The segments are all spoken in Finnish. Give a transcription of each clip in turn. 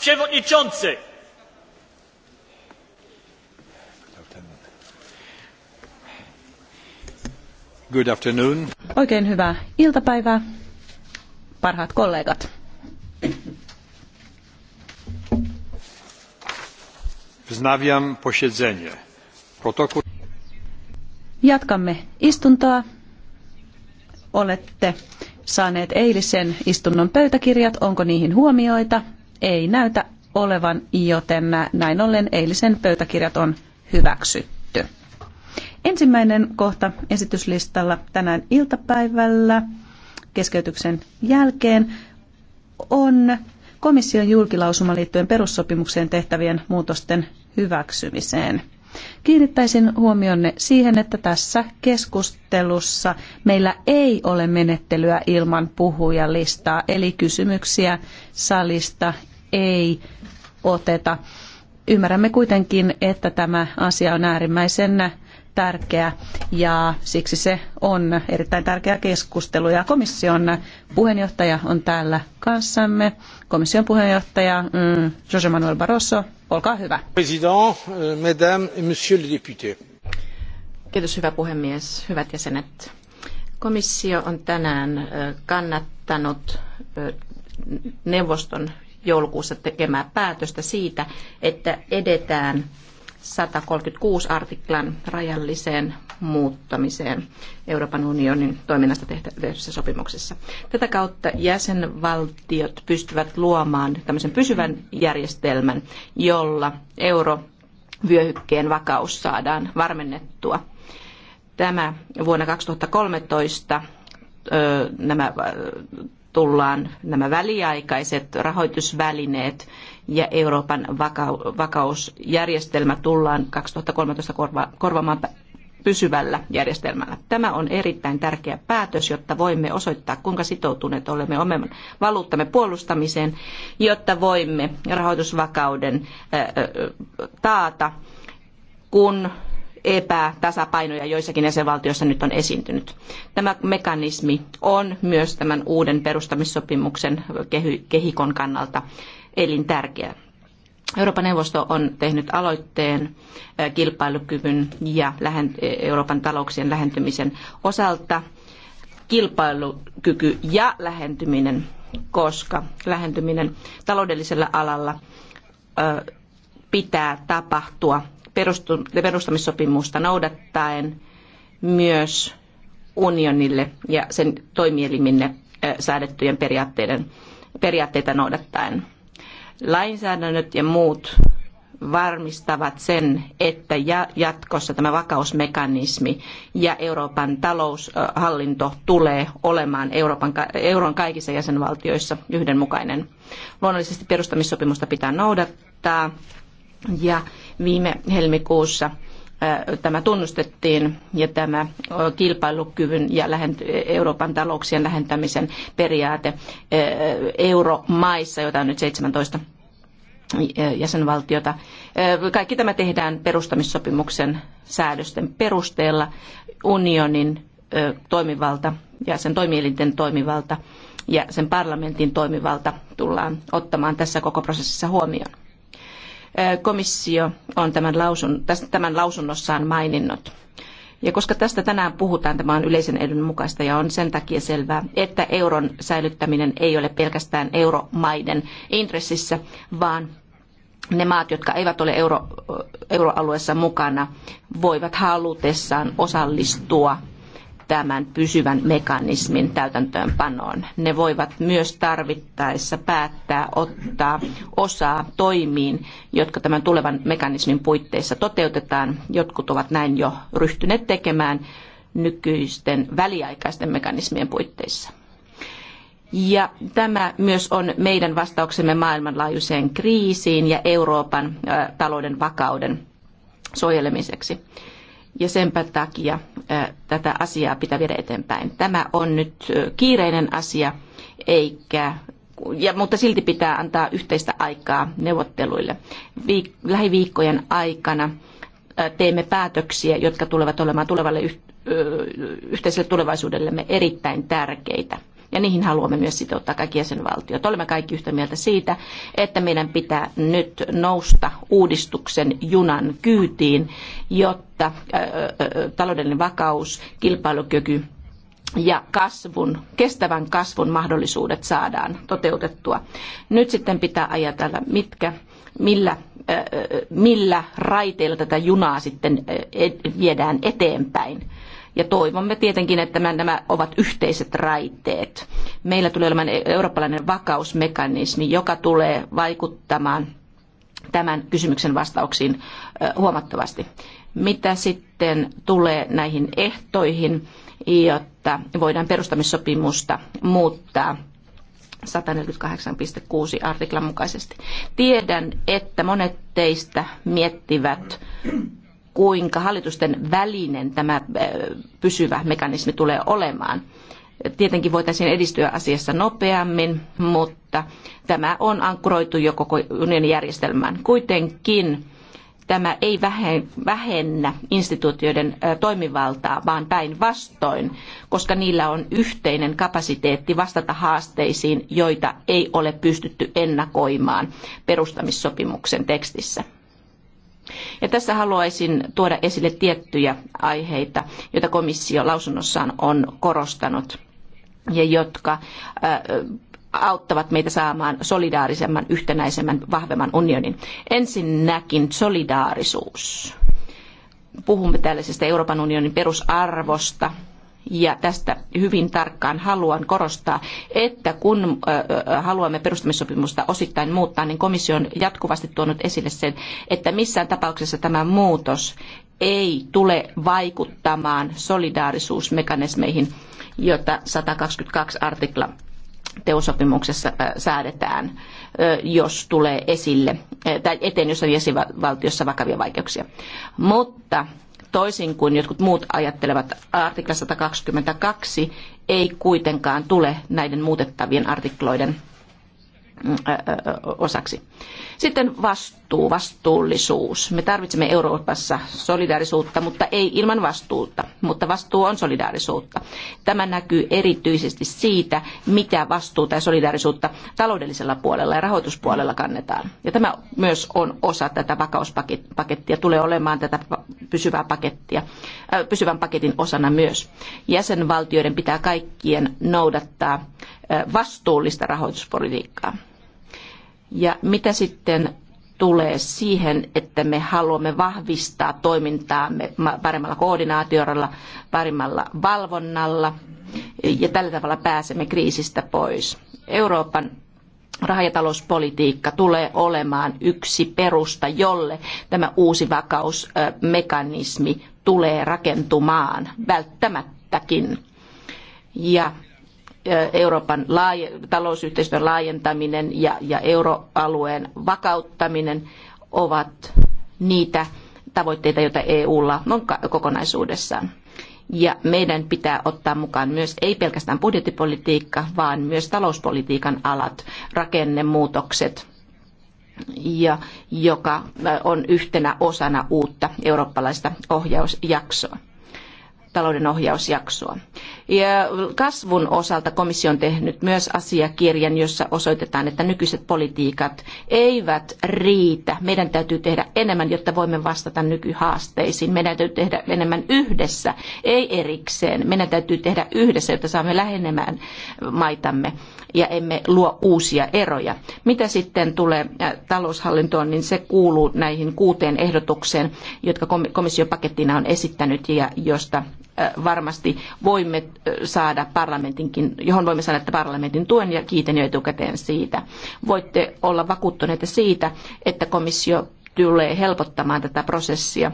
przewodniczący! Good afternoon. Oikein hyvää iltapäivää, parhaat kollegat. Wznawiam posiedzenie. Jatkamme istuntoa. Olette saaneet eilisen istunnon pöytäkirjat. Onko niihin huomioita? ei näytä olevan, joten näin ollen eilisen pöytäkirjat on hyväksytty. Ensimmäinen kohta esityslistalla tänään iltapäivällä keskeytyksen jälkeen on komission julkilausuma liittyen perussopimukseen tehtävien muutosten hyväksymiseen. Kiinnittäisin huomionne siihen, että tässä keskustelussa meillä ei ole menettelyä ilman puhujalistaa, eli kysymyksiä salista ei oteta. Ymmärrämme kuitenkin, että tämä asia on äärimmäisen tärkeä ja siksi se on erittäin tärkeä keskustelu. Ja komission puheenjohtaja on täällä kanssamme. Komission puheenjohtaja mm, José Manuel Barroso, olkaa hyvä. President, euh, mesdames et Monsieur le député. Kiitos hyvä puhemies, hyvät jäsenet. Komissio on tänään kannattanut neuvoston joulukuussa tekemää päätöstä siitä, että edetään 136 artiklan rajalliseen muuttamiseen Euroopan unionin toiminnasta tehtävissä sopimuksessa. Tätä kautta jäsenvaltiot pystyvät luomaan tämmöisen pysyvän järjestelmän, jolla eurovyöhykkeen vakaus saadaan varmennettua. Tämä vuonna 2013 nämä tullaan nämä väliaikaiset rahoitusvälineet ja Euroopan vakausjärjestelmä tullaan 2013 korva- korvaamaan pysyvällä järjestelmällä. Tämä on erittäin tärkeä päätös, jotta voimme osoittaa, kuinka sitoutuneet olemme oman valuuttamme puolustamiseen, jotta voimme rahoitusvakauden taata, kun epätasapainoja joissakin jäsenvaltioissa nyt on esiintynyt. Tämä mekanismi on myös tämän uuden perustamissopimuksen kehikon kannalta elintärkeä. Euroopan neuvosto on tehnyt aloitteen kilpailukyvyn ja Euroopan talouksien lähentymisen osalta kilpailukyky ja lähentyminen, koska lähentyminen taloudellisella alalla pitää tapahtua perustamissopimusta noudattaen myös unionille ja sen toimielimille säädettyjen periaatteiden, periaatteita noudattaen. Lainsäädännöt ja muut varmistavat sen, että jatkossa tämä vakausmekanismi ja Euroopan taloushallinto tulee olemaan Euroopan, euron kaikissa jäsenvaltioissa yhdenmukainen. Luonnollisesti perustamissopimusta pitää noudattaa ja Viime helmikuussa tämä tunnustettiin ja tämä kilpailukyvyn ja Euroopan talouksien lähentämisen periaate euromaissa, jota on nyt 17 jäsenvaltiota. Kaikki tämä tehdään perustamissopimuksen säädösten perusteella unionin toimivalta ja sen toimielinten toimivalta ja sen parlamentin toimivalta tullaan ottamaan tässä koko prosessissa huomioon komissio on tämän, lausun, tämän lausunnossaan maininnut. Ja koska tästä tänään puhutaan, tämä on yleisen edun mukaista ja on sen takia selvää, että euron säilyttäminen ei ole pelkästään euromaiden intressissä, vaan ne maat, jotka eivät ole euro, euroalueessa mukana, voivat halutessaan osallistua tämän pysyvän mekanismin täytäntöönpanoon. Ne voivat myös tarvittaessa päättää ottaa osaa toimiin, jotka tämän tulevan mekanismin puitteissa toteutetaan. Jotkut ovat näin jo ryhtyneet tekemään nykyisten väliaikaisten mekanismien puitteissa. Ja tämä myös on meidän vastauksemme maailmanlaajuiseen kriisiin ja Euroopan talouden vakauden suojelemiseksi ja senpä takia tätä asiaa pitää viedä eteenpäin. Tämä on nyt kiireinen asia, eikä, ja, mutta silti pitää antaa yhteistä aikaa neuvotteluille. Viik- lähiviikkojen aikana teemme päätöksiä, jotka tulevat olemaan tulevalle yhteiselle tulevaisuudellemme erittäin tärkeitä ja niihin haluamme myös sitouttaa kaikki jäsenvaltiot. Olemme kaikki yhtä mieltä siitä, että meidän pitää nyt nousta uudistuksen junan kyytiin, jotta taloudellinen vakaus, kilpailukyky ja kasvun, kestävän kasvun mahdollisuudet saadaan toteutettua. Nyt sitten pitää ajatella, mitkä, millä, millä raiteilla tätä junaa sitten e, viedään eteenpäin ja toivomme tietenkin, että nämä ovat yhteiset raiteet. Meillä tulee olemaan e- eurooppalainen vakausmekanismi, joka tulee vaikuttamaan tämän kysymyksen vastauksiin huomattavasti. Mitä sitten tulee näihin ehtoihin, jotta voidaan perustamissopimusta muuttaa 148.6 artiklan mukaisesti. Tiedän, että monet teistä miettivät kuinka hallitusten välinen tämä äh, pysyvä mekanismi tulee olemaan. Tietenkin voitaisiin edistyä asiassa nopeammin, mutta tämä on ankkuroitu jo koko unionin järjestelmään. Kuitenkin tämä ei vähennä instituutioiden äh, toimivaltaa, vaan päinvastoin, koska niillä on yhteinen kapasiteetti vastata haasteisiin, joita ei ole pystytty ennakoimaan perustamissopimuksen tekstissä. Ja tässä haluaisin tuoda esille tiettyjä aiheita, joita komissio lausunnossaan on korostanut ja jotka äh, auttavat meitä saamaan solidaarisemman, yhtenäisemmän, vahvemman unionin. Ensinnäkin solidaarisuus. Puhumme tällaisesta Euroopan unionin perusarvosta, ja tästä hyvin tarkkaan haluan korostaa, että kun haluamme perustamissopimusta osittain muuttaa, niin komissio on jatkuvasti tuonut esille sen, että missään tapauksessa tämä muutos ei tule vaikuttamaan solidaarisuusmekanismeihin, joita 122 artikla teosopimuksessa säädetään, jos tulee esille tai eteen jossain jäsenvaltiossa vakavia vaikeuksia. Mutta toisin kuin jotkut muut ajattelevat, artikla 122 ei kuitenkaan tule näiden muutettavien artikloiden mm, osaksi. Sitten vastuu puuttuu vastuullisuus. Me tarvitsemme Euroopassa solidaarisuutta, mutta ei ilman vastuuta, mutta vastuu on solidaarisuutta. Tämä näkyy erityisesti siitä, mitä vastuuta ja solidaarisuutta taloudellisella puolella ja rahoituspuolella kannetaan. Ja tämä myös on osa tätä vakauspakettia, tulee olemaan tätä pysyvää pakettia, äh, pysyvän paketin osana myös. Jäsenvaltioiden pitää kaikkien noudattaa äh, vastuullista rahoituspolitiikkaa. Ja mitä sitten tulee siihen, että me haluamme vahvistaa toimintaamme paremmalla koordinaatiolla, paremmalla valvonnalla ja tällä tavalla pääsemme kriisistä pois. Euroopan raha- ja talouspolitiikka tulee olemaan yksi perusta, jolle tämä uusi vakausmekanismi tulee rakentumaan välttämättäkin. Ja Euroopan laaje- talousyhteistyön laajentaminen ja, ja euroalueen vakauttaminen ovat niitä tavoitteita, joita EUlla on kokonaisuudessaan. Ja meidän pitää ottaa mukaan myös ei pelkästään budjettipolitiikka, vaan myös talouspolitiikan alat, rakennemuutokset, ja joka on yhtenä osana uutta eurooppalaista ohjausjaksoa talouden ohjausjaksoa. Ja kasvun osalta komissio on tehnyt myös asiakirjan, jossa osoitetaan, että nykyiset politiikat eivät riitä. Meidän täytyy tehdä enemmän, jotta voimme vastata nykyhaasteisiin. Meidän täytyy tehdä enemmän yhdessä, ei erikseen. Meidän täytyy tehdä yhdessä, jotta saamme lähenemään maitamme ja emme luo uusia eroja. Mitä sitten tulee taloushallintoon, niin se kuuluu näihin kuuteen ehdotukseen, jotka komission pakettina on esittänyt ja josta varmasti voimme saada parlamentinkin, johon voimme saada parlamentin tuen ja kiitän jo etukäteen siitä. Voitte olla vakuuttuneita siitä, että komissio tulee helpottamaan tätä prosessia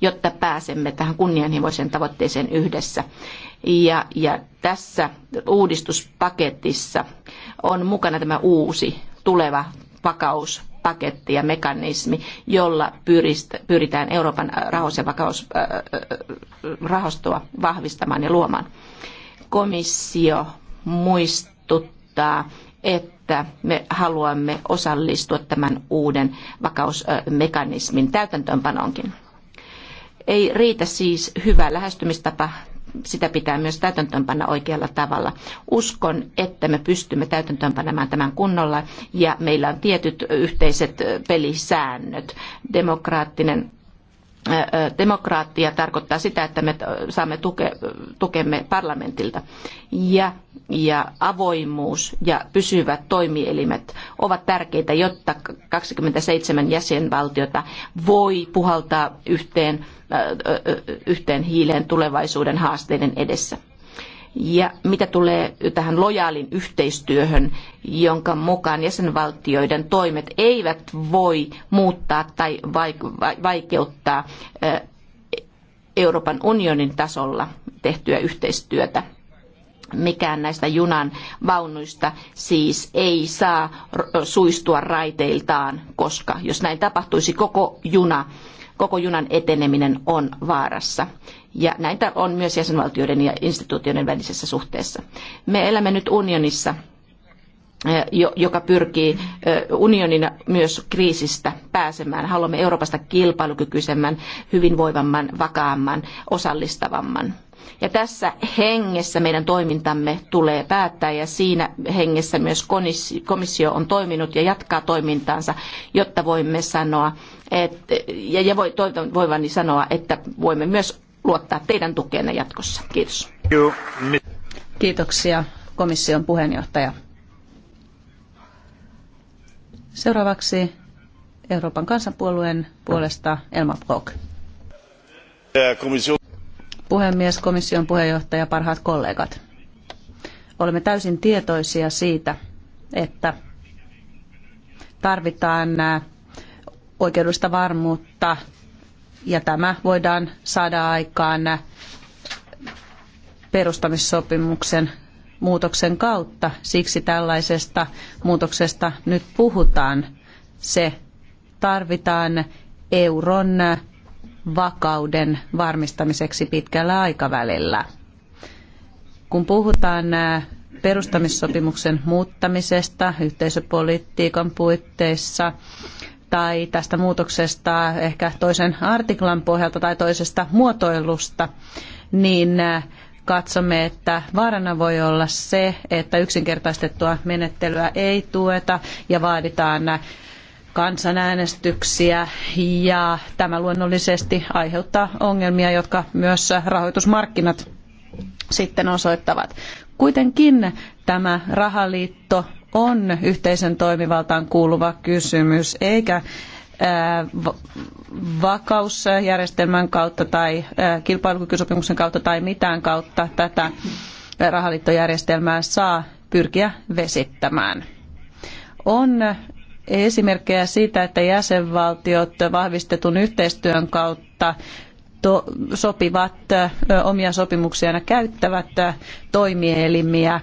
jotta pääsemme tähän kunnianhimoiseen tavoitteeseen yhdessä. Ja, ja tässä uudistuspaketissa on mukana tämä uusi tuleva vakauspaketti ja mekanismi, jolla pyritään Euroopan rahoitus- ja vakausrahastoa vahvistamaan ja luomaan. Komissio muistuttaa, että me haluamme osallistua tämän uuden vakausmekanismin täytäntöönpanoonkin. Ei riitä siis hyvä lähestymistapa sitä pitää myös täytäntöönpanna oikealla tavalla. Uskon, että me pystymme täytäntöönpanemaan tämän kunnolla ja meillä on tietyt yhteiset pelisäännöt. Demokraattinen demokraattia tarkoittaa sitä, että me saamme tuke, tukemme parlamentilta. Ja, ja avoimuus ja pysyvät toimielimet ovat tärkeitä, jotta 27 jäsenvaltiota voi puhaltaa yhteen yhteen hiileen tulevaisuuden haasteiden edessä. Ja mitä tulee tähän lojaalin yhteistyöhön, jonka mukaan jäsenvaltioiden toimet eivät voi muuttaa tai vaikeuttaa Euroopan unionin tasolla tehtyä yhteistyötä. Mikään näistä junan vaunuista siis ei saa suistua raiteiltaan, koska jos näin tapahtuisi, koko juna koko junan eteneminen on vaarassa. Ja näitä on myös jäsenvaltioiden ja instituutioiden välisessä suhteessa. Me elämme nyt unionissa, eh, joka pyrkii eh, unionina myös kriisistä pääsemään. Haluamme Euroopasta kilpailukykyisemmän, hyvinvoivamman, vakaamman, osallistavamman. Ja tässä hengessä meidän toimintamme tulee päättää ja siinä hengessä myös komissio on toiminut ja jatkaa toimintaansa, jotta voimme sanoa, et, ja, ja voi, toivon voivani sanoa, että voimme myös luottaa teidän tukeenne jatkossa. Kiitos. Kiitoksia komission puheenjohtaja. Seuraavaksi Euroopan kansanpuolueen puolesta Elmar Brock puhemies, komission puheenjohtaja, parhaat kollegat. Olemme täysin tietoisia siitä, että tarvitaan oikeudellista varmuutta ja tämä voidaan saada aikaan perustamissopimuksen muutoksen kautta. Siksi tällaisesta muutoksesta nyt puhutaan. Se tarvitaan euron vakauden varmistamiseksi pitkällä aikavälillä. Kun puhutaan perustamissopimuksen muuttamisesta yhteisöpolitiikan puitteissa tai tästä muutoksesta ehkä toisen artiklan pohjalta tai toisesta muotoilusta, niin katsomme, että vaarana voi olla se, että yksinkertaistettua menettelyä ei tueta ja vaaditaan kansanäänestyksiä ja tämä luonnollisesti aiheuttaa ongelmia, jotka myös rahoitusmarkkinat sitten osoittavat. Kuitenkin tämä rahaliitto on yhteisön toimivaltaan kuuluva kysymys, eikä äh, vakausjärjestelmän kautta tai äh, kilpailukykysopimuksen kautta tai mitään kautta tätä rahaliittojärjestelmää saa pyrkiä vesittämään. On esimerkkejä siitä, että jäsenvaltiot vahvistetun yhteistyön kautta sopivat omia sopimuksiaan ja käyttävät toimielimiä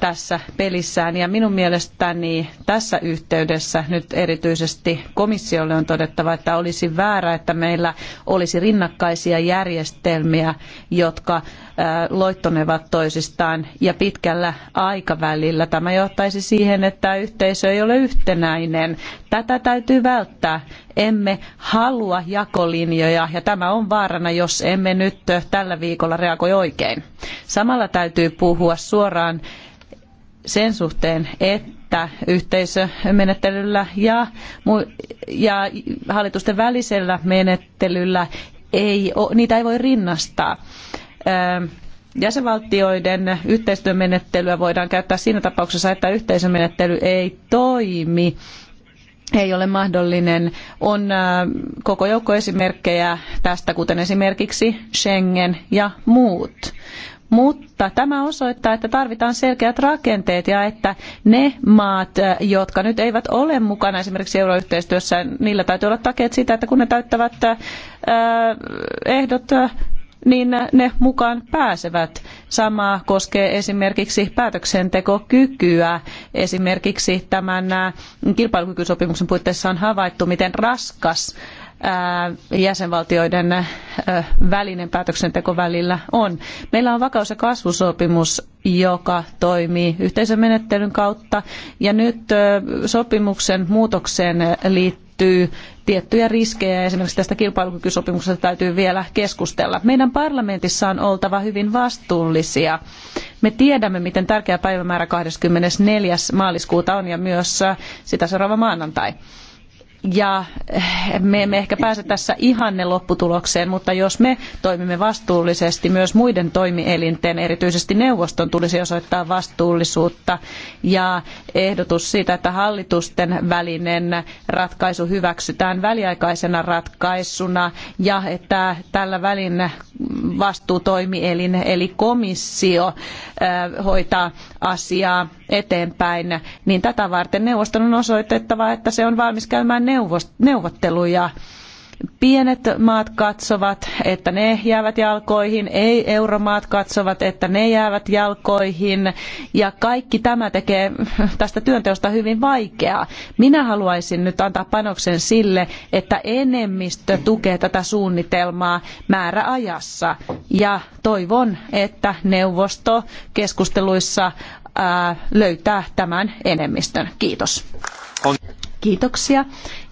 tässä pelissään. Ja minun mielestäni tässä yhteydessä nyt erityisesti komissiolle on todettava, että olisi väärä, että meillä olisi rinnakkaisia järjestelmiä, jotka loittonevat toisistaan ja pitkällä aikavälillä. Tämä johtaisi siihen, että yhteisö ei ole yhtenäinen. Tätä täytyy välttää. Emme halua jakolinjoja ja tämä on vaarana, jos emme nyt tällä viikolla reagoi oikein. Samalla täytyy puhua suoraan sen suhteen, että yhteisömenettelyllä ja, ja hallitusten välisellä menettelyllä ei, niitä ei voi rinnastaa. Öö, jäsenvaltioiden yhteistyömenettelyä voidaan käyttää siinä tapauksessa, että yhteisömenettely ei toimi ei ole mahdollinen. On öö, koko joukko esimerkkejä tästä, kuten esimerkiksi Schengen ja muut mutta tämä osoittaa, että tarvitaan selkeät rakenteet ja että ne maat, äh, jotka nyt eivät ole mukana esimerkiksi euroyhteistyössä, niillä täytyy olla takeet siitä, että kun ne täyttävät äh, äh, ehdot niin ne mukaan pääsevät. Sama koskee esimerkiksi päätöksentekokykyä. Esimerkiksi tämän kilpailukykysopimuksen puitteissa on havaittu, miten raskas jäsenvaltioiden välinen päätöksenteko välillä on. Meillä on vakaus- ja kasvusopimus, joka toimii yhteisömenettelyn kautta ja nyt sopimuksen muutokseen liittyy tiettyjä riskejä ja esimerkiksi tästä kilpailukykysopimuksesta täytyy vielä keskustella. Meidän parlamentissa on oltava hyvin vastuullisia. Me tiedämme, miten tärkeä päivämäärä 24. maaliskuuta on ja myös sitä seuraava maanantai ja eh, me emme ehkä pääse tässä ihanne lopputulokseen, mutta jos me toimimme vastuullisesti, myös muiden toimielinten, erityisesti neuvoston, tulisi osoittaa vastuullisuutta. Ja ehdotus siitä, että hallitusten välinen ratkaisu hyväksytään väliaikaisena ratkaisuna ja että tällä välin vastuutoimielin eli komissio äh, hoitaa asiaa eteenpäin, niin tätä varten neuvoston on osoitettava, että se on valmis käymään neuvotteluja Pienet maat katsovat, että ne jäävät jalkoihin, ei euromaat katsovat, että ne jäävät jalkoihin ja kaikki tämä tekee tästä työnteosta hyvin vaikeaa. Minä haluaisin nyt antaa panoksen sille, että enemmistö tukee tätä suunnitelmaa määräajassa ja toivon, että neuvosto keskusteluissa löytää tämän enemmistön. Kiitos. Kiitoksia.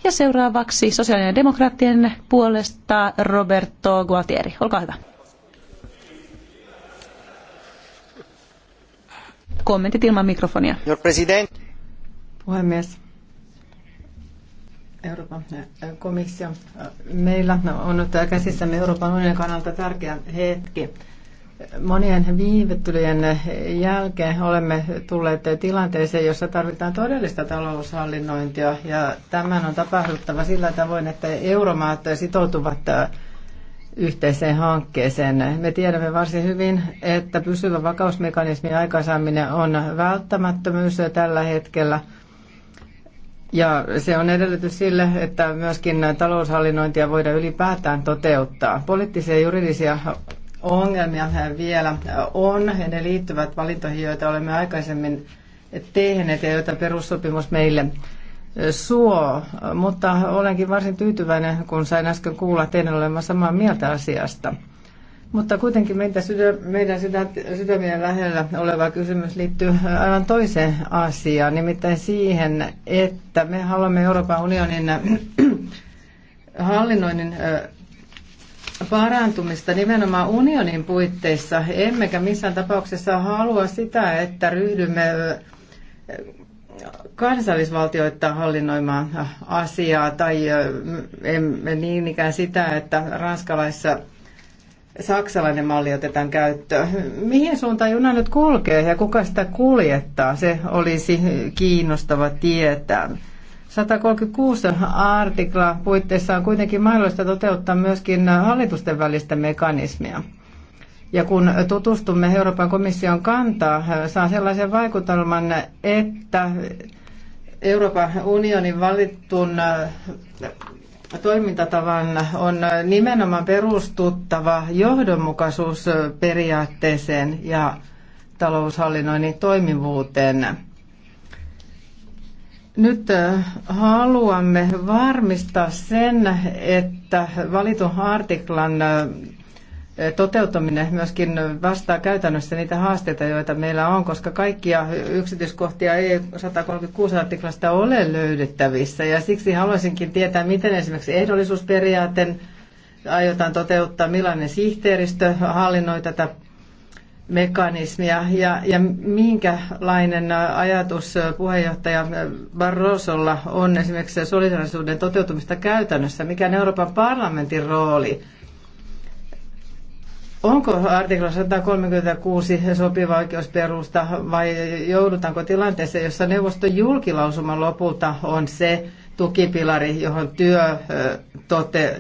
Ja seuraavaksi sosiaalinen demokraattien puolesta Roberto Gualtieri. Olkaa hyvä. Kommentit ilman mikrofonia. Puhemies. Euroopan äh, komissio. Äh, meillä on nyt käsissämme Euroopan unionin kannalta tärkeä hetki monien viivettelyjen jälkeen olemme tulleet tilanteeseen, jossa tarvitaan todellista taloushallinnointia ja tämän on tapahduttava sillä tavoin, että euromaat sitoutuvat yhteiseen hankkeeseen. Me tiedämme varsin hyvin, että pysyvä vakausmekanismin aikaisemmin on välttämättömyys tällä hetkellä. Ja se on edellytys sille, että myöskin taloushallinnointia voidaan ylipäätään toteuttaa. Poliittisia ja juridisia ongelmia vielä on, ja ne liittyvät valintoihin, joita olemme aikaisemmin tehneet ja joita perussopimus meille suo. Mutta olenkin varsin tyytyväinen, kun sain äsken kuulla teidän olevan samaa mieltä asiasta. Mutta kuitenkin meitä sydä, meidän sydä, sydämien lähellä oleva kysymys liittyy aivan toiseen asiaan, nimittäin siihen, että me haluamme Euroopan unionin hallinnoinnin parantumista nimenomaan unionin puitteissa, emmekä missään tapauksessa halua sitä, että ryhdymme kansallisvaltioita hallinnoimaan asiaa tai emme niin ikään sitä, että ranskalaisessa saksalainen malli otetaan käyttöön. Mihin suuntaan juna nyt kulkee ja kuka sitä kuljettaa? Se olisi kiinnostava tietää. 136 artikla puitteissa on kuitenkin mahdollista toteuttaa myöskin hallitusten välistä mekanismia. Ja kun tutustumme Euroopan komission kantaa, saa sellaisen vaikutelman, että Euroopan unionin valittun toimintatavan on nimenomaan perustuttava johdonmukaisuusperiaatteeseen ja taloushallinnoinnin toimivuuteen. Nyt äh, haluamme varmistaa sen, että valitun artiklan äh, toteuttaminen myöskin vastaa käytännössä niitä haasteita, joita meillä on, koska kaikkia yksityiskohtia ei 136 artiklasta ole löydettävissä. Ja siksi haluaisinkin tietää, miten esimerkiksi ehdollisuusperiaatteen aiotaan toteuttaa, millainen sihteeristö hallinnoi tätä mekanismia ja, ja minkälainen ajatus puheenjohtaja Barrosolla on esimerkiksi solidaarisuuden toteutumista käytännössä? Mikä on Euroopan parlamentin rooli? Onko artikla 136 sopiva oikeusperusta vai joudutaanko tilanteeseen, jossa neuvoston julkilausuma lopulta on se tukipilari, johon työ, tote,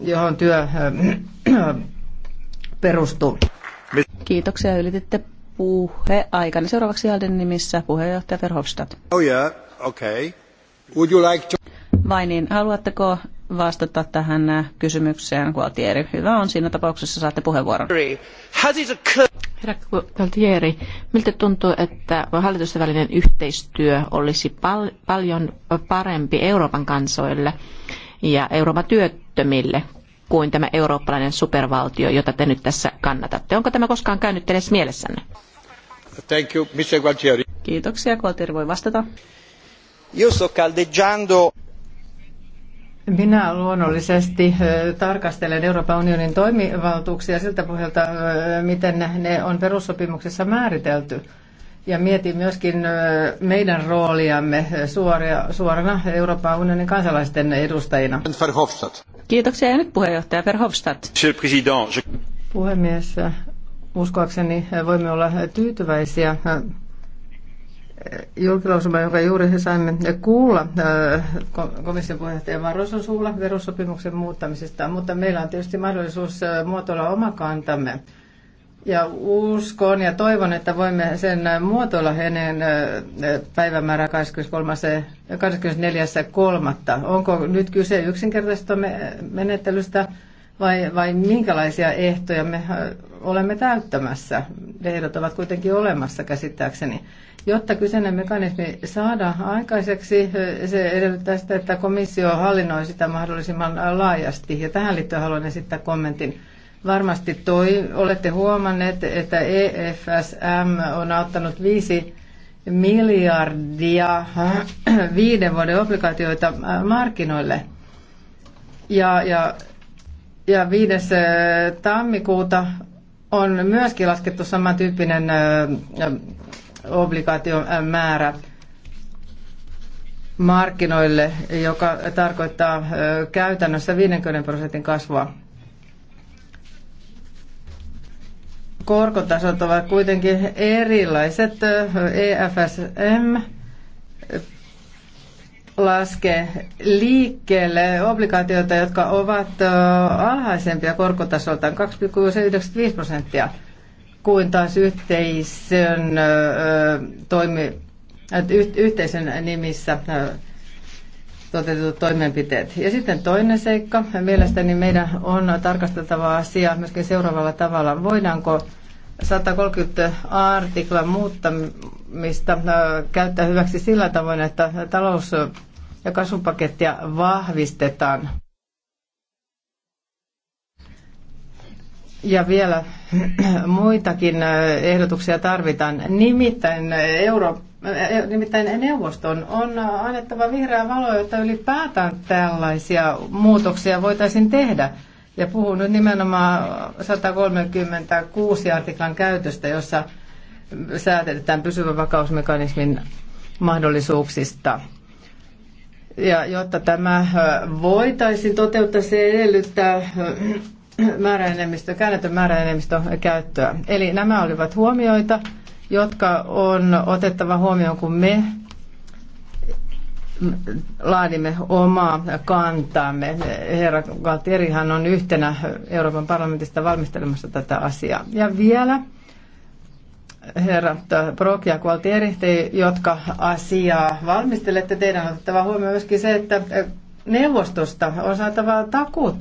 johon työ perustuu? Kiitoksia, ylititte aikana. Seuraavaksi Alden nimissä puheenjohtaja Verhofstadt. Oh yeah, okay. Would you like to... Vai niin, haluatteko vastata tähän äh, kysymykseen, Gualtieri? Hyvä on, siinä tapauksessa saatte puheenvuoron. Herra Gualtieri, miltä tuntuu, että hallitusten välinen yhteistyö olisi pal- paljon parempi Euroopan kansoille ja Euroopan työttömille kuin tämä eurooppalainen supervaltio, jota te nyt tässä kannatatte. Onko tämä koskaan käynyt edes mielessänne? Thank you, Mr. Gualtieri. Kiitoksia, Gualtieri voi vastata. Io sto caldeggiando minä luonnollisesti tarkastelen Euroopan unionin toimivaltuuksia siltä pohjalta, miten ne on perussopimuksessa määritelty. Ja mietin myöskin meidän rooliamme suoria, suorana Euroopan unionin kansalaisten edustajina. Kiitoksia ja nyt puheenjohtaja Verhofstadt. Puhemies, uskoakseni voimme olla tyytyväisiä julkilausuma, jonka juuri saimme kuulla komission puheenjohtaja Varoson suulla verosopimuksen muuttamisesta, mutta meillä on tietysti mahdollisuus muotoilla oma kantamme. Ja uskon ja toivon, että voimme sen muotoilla hänen päivämäärä 24.3. Onko nyt kyse yksinkertaisesta menettelystä vai, vai minkälaisia ehtoja me olemme täyttämässä? ehdot ovat kuitenkin olemassa käsittääkseni. Jotta kyseinen mekanismi saadaan aikaiseksi, se edellyttää sitä, että komissio hallinnoi sitä mahdollisimman laajasti. Ja tähän liittyen haluan esittää kommentin. Varmasti toi, olette huomanneet, että EFSM on auttanut viisi miljardia viiden vuoden obligaatioita äh, markkinoille. Ja, ja, ja 5. Äh, tammikuuta on myöskin laskettu samantyyppinen äh, obligaation määrä markkinoille, joka tarkoittaa käytännössä 50 prosentin kasvua korkotasot ovat kuitenkin erilaiset. EFSM laskee liikkeelle obligaatioita, jotka ovat alhaisempia korkotasoltaan 2,95 prosenttia kuin taas yhteisön, toimi, yhteisön nimissä toteutetut toimenpiteet. Ja sitten toinen seikka. Mielestäni meidän on tarkasteltava asia myöskin seuraavalla tavalla. Voidaanko 130 artiklan muuttamista äh, käyttää hyväksi sillä tavoin, että talous- ja kasvupakettia vahvistetaan. Ja vielä muitakin äh, ehdotuksia tarvitaan. Nimittäin Euroopan nimittäin neuvoston on annettava vihreä valo, jotta ylipäätään tällaisia muutoksia voitaisiin tehdä. Ja puhun nyt nimenomaan 136 artiklan käytöstä, jossa säätetään pysyvän vakausmekanismin mahdollisuuksista. Ja jotta tämä voitaisiin toteuttaa, se edellyttää määräenemmistö, käännetön määräenemmistö käyttöä. Eli nämä olivat huomioita jotka on otettava huomioon, kun me laadimme omaa kantaamme. Herra Galtierihan on yhtenä Euroopan parlamentista valmistelemassa tätä asiaa. Ja vielä herra Brock ja Gualtieri, te, jotka asiaa valmistelette, teidän on otettava huomioon myöskin se, että neuvostosta on saatava takuut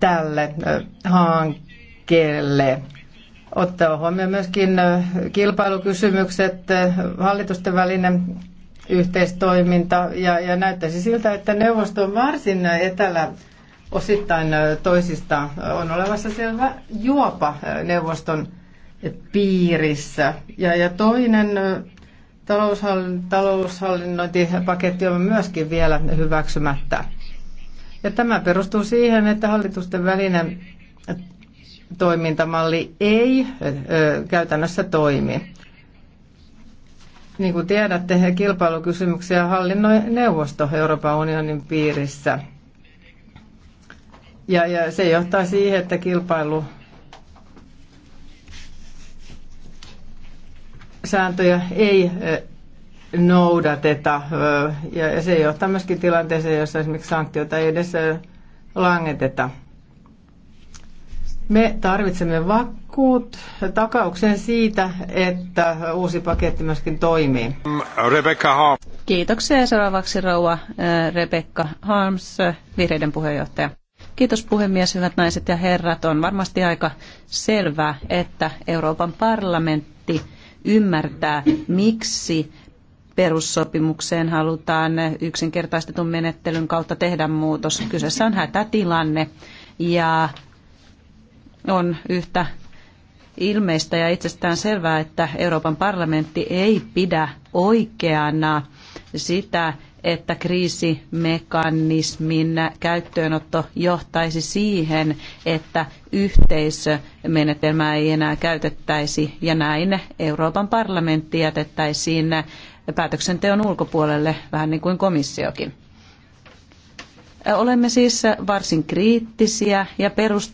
tälle hankkeelle ottaa huomioon myöskin kilpailukysymykset, hallitusten välinen yhteistoiminta ja, ja näyttäisi siltä, että neuvosto on varsin etälä osittain toisista. On olemassa selvä juopa neuvoston piirissä. Ja, ja toinen taloushallinnointipaketti on myöskin vielä hyväksymättä. Ja tämä perustuu siihen, että hallitusten välinen toimintamalli ei käytännössä toimi. Niin kuin tiedätte, kilpailukysymyksiä hallinnoi neuvosto Euroopan unionin piirissä. Ja, ja se johtaa siihen, että kilpailu sääntöjä ei noudateta. Ja se johtaa myöskin tilanteeseen, jossa esimerkiksi sanktioita ei edes langeteta. Me tarvitsemme vakuut takauksen siitä, että uusi paketti myöskin toimii. Rebecca Harms. Kiitoksia seuraavaksi rouva Rebecca Harms, vihreiden puheenjohtaja. Kiitos puhemies, hyvät naiset ja herrat. On varmasti aika selvää, että Euroopan parlamentti ymmärtää, miksi perussopimukseen halutaan yksinkertaistetun menettelyn kautta tehdä muutos. Kyseessä on hätätilanne ja on yhtä ilmeistä ja itsestään selvää, että Euroopan parlamentti ei pidä oikeana sitä, että kriisimekanismin käyttöönotto johtaisi siihen, että yhteismenetelmää ei enää käytettäisi ja näin Euroopan parlamentti jätettäisiin päätöksenteon ulkopuolelle, vähän niin kuin komissiokin. Olemme siis varsin kriittisiä ja perust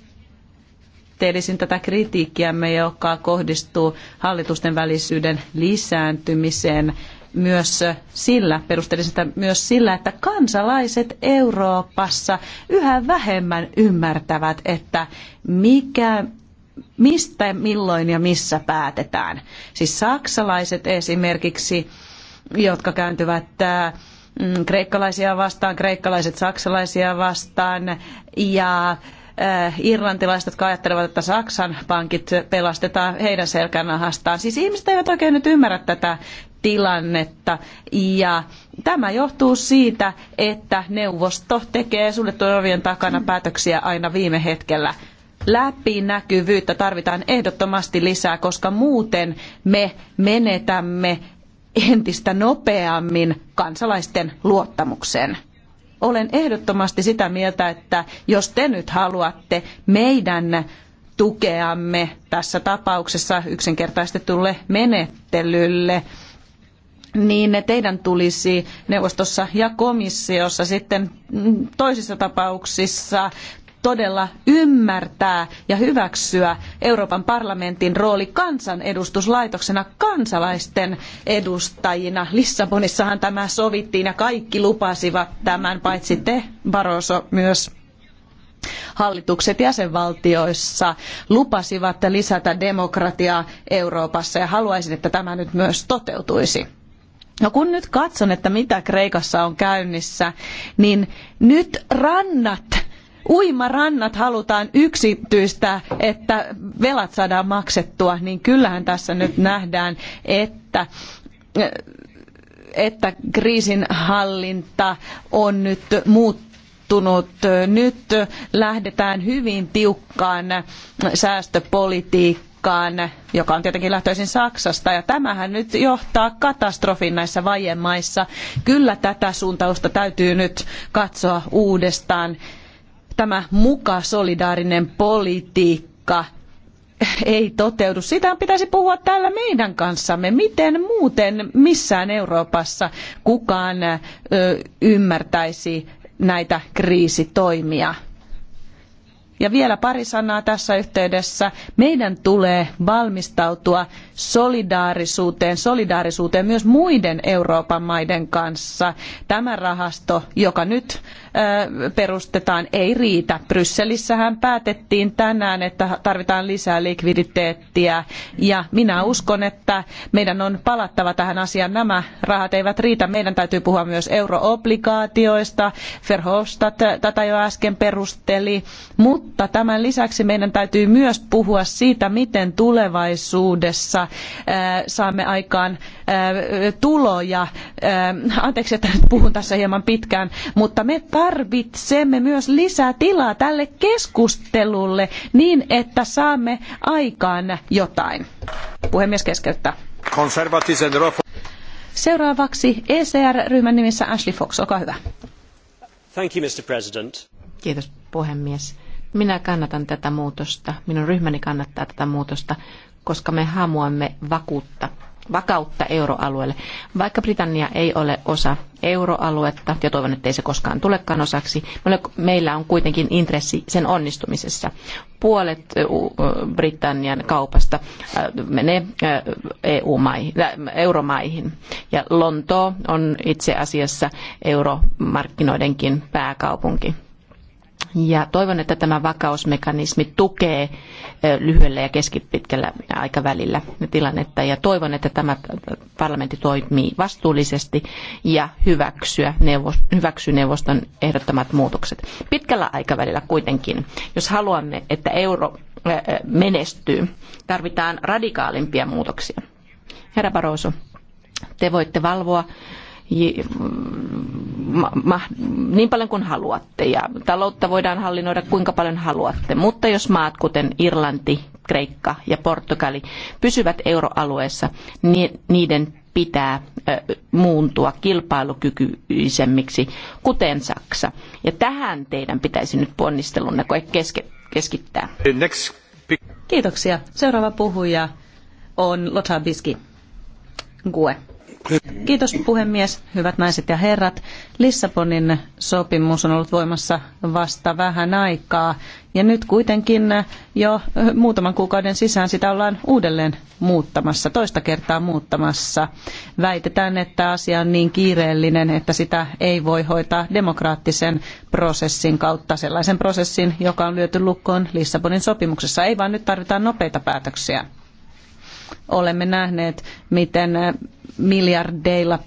puutteellisin tätä kritiikkiämme, joka kohdistuu hallitusten välisyyden lisääntymiseen myös sillä, perusteellisesti myös sillä, että kansalaiset Euroopassa yhä vähemmän ymmärtävät, että mikä, mistä, milloin ja missä päätetään. Siis saksalaiset esimerkiksi, jotka kääntyvät äh, mm, kreikkalaisia vastaan, kreikkalaiset saksalaisia vastaan ja Äh, irlantilaiset, jotka ajattelevat, että Saksan pankit pelastetaan heidän selkänahastaan. Siis ihmiset eivät oikein nyt ymmärrä tätä tilannetta. Ja tämä johtuu siitä, että neuvosto tekee suljettujen ovien takana päätöksiä aina viime hetkellä. Läpinäkyvyyttä tarvitaan ehdottomasti lisää, koska muuten me menetämme entistä nopeammin kansalaisten luottamuksen olen ehdottomasti sitä mieltä, että jos te nyt haluatte meidän tukeamme tässä tapauksessa yksinkertaistetulle menettelylle, niin teidän tulisi neuvostossa ja komissiossa sitten toisissa tapauksissa todella ymmärtää ja hyväksyä Euroopan parlamentin rooli kansanedustuslaitoksena kansalaisten edustajina. Lissabonissahan tämä sovittiin ja kaikki lupasivat tämän, paitsi te, Barroso, myös hallitukset jäsenvaltioissa lupasivat lisätä demokratiaa Euroopassa ja haluaisin, että tämä nyt myös toteutuisi. No kun nyt katson, että mitä Kreikassa on käynnissä, niin nyt rannat uimarannat halutaan yksityistä, että velat saadaan maksettua, niin kyllähän tässä nyt nähdään, että että kriisinhallinta on nyt muuttunut. Nyt lähdetään hyvin tiukkaan säästöpolitiikkaan, joka on tietenkin lähtöisin Saksasta. Ja tämähän nyt johtaa katastrofiin näissä vajemaissa. Kyllä tätä suuntausta täytyy nyt katsoa uudestaan tämä muka solidaarinen politiikka ei toteudu. Siitä pitäisi puhua täällä meidän kanssamme. Miten muuten missään Euroopassa kukaan ymmärtäisi näitä kriisitoimia? Ja vielä pari sanaa tässä yhteydessä. Meidän tulee valmistautua solidaarisuuteen, solidaarisuuteen myös muiden Euroopan maiden kanssa. Tämä rahasto, joka nyt perustetaan, ei riitä. Brysselissähän päätettiin tänään, että tarvitaan lisää likviditeettiä. Ja minä uskon, että meidän on palattava tähän asiaan. Nämä rahat eivät riitä. Meidän täytyy puhua myös euroobligaatioista. Verhofstadt tätä jo äsken perusteli. Mutta mutta tämän lisäksi meidän täytyy myös puhua siitä, miten tulevaisuudessa saamme aikaan tuloja. Anteeksi, että nyt puhun tässä hieman pitkään, mutta me tarvitsemme myös lisää tilaa tälle keskustelulle niin, että saamme aikaan jotain. Puhemies keskeyttää. Seuraavaksi ECR-ryhmän nimissä Ashley Fox, olkaa hyvä. Thank you, Mr. President. Kiitos puhemies. Minä kannatan tätä muutosta, minun ryhmäni kannattaa tätä muutosta, koska me haamuamme vakuutta, vakautta euroalueelle. Vaikka Britannia ei ole osa euroaluetta, ja toivon, että ei se koskaan tulekaan osaksi, meillä on kuitenkin intressi sen onnistumisessa. Puolet Britannian kaupasta menee EU-maihin, euromaihin, ja Lontoo on itse asiassa euromarkkinoidenkin pääkaupunki ja toivon, että tämä vakausmekanismi tukee lyhyellä ja keskipitkällä aikavälillä tilannetta. Ja toivon, että tämä parlamentti toimii vastuullisesti ja hyväksyä hyväksyy neuvoston ehdottamat muutokset. Pitkällä aikavälillä kuitenkin, jos haluamme, että euro menestyy, tarvitaan radikaalimpia muutoksia. Herra Barroso, te voitte valvoa Mm, niin paljon kuin haluatte ja taloutta voidaan hallinnoida kuinka paljon haluatte. Mutta jos maat kuten Irlanti, Kreikka ja Portugali pysyvät euroalueessa, niin niiden pitää muuntua kilpailukykyisemmiksi, kuten Saksa. Ja tähän teidän pitäisi nyt ponnistelunne keskittää. Kiitoksia. Seuraava puhuja on Lothar Biski. Gue. Kiitos puhemies, hyvät naiset ja herrat. Lissabonin sopimus on ollut voimassa vasta vähän aikaa ja nyt kuitenkin jo muutaman kuukauden sisään sitä ollaan uudelleen muuttamassa, toista kertaa muuttamassa. Väitetään, että asia on niin kiireellinen, että sitä ei voi hoitaa demokraattisen prosessin kautta, sellaisen prosessin, joka on lyöty lukkoon Lissabonin sopimuksessa. Ei vaan nyt tarvitaan nopeita päätöksiä. Olemme nähneet, miten eh, miljardeilla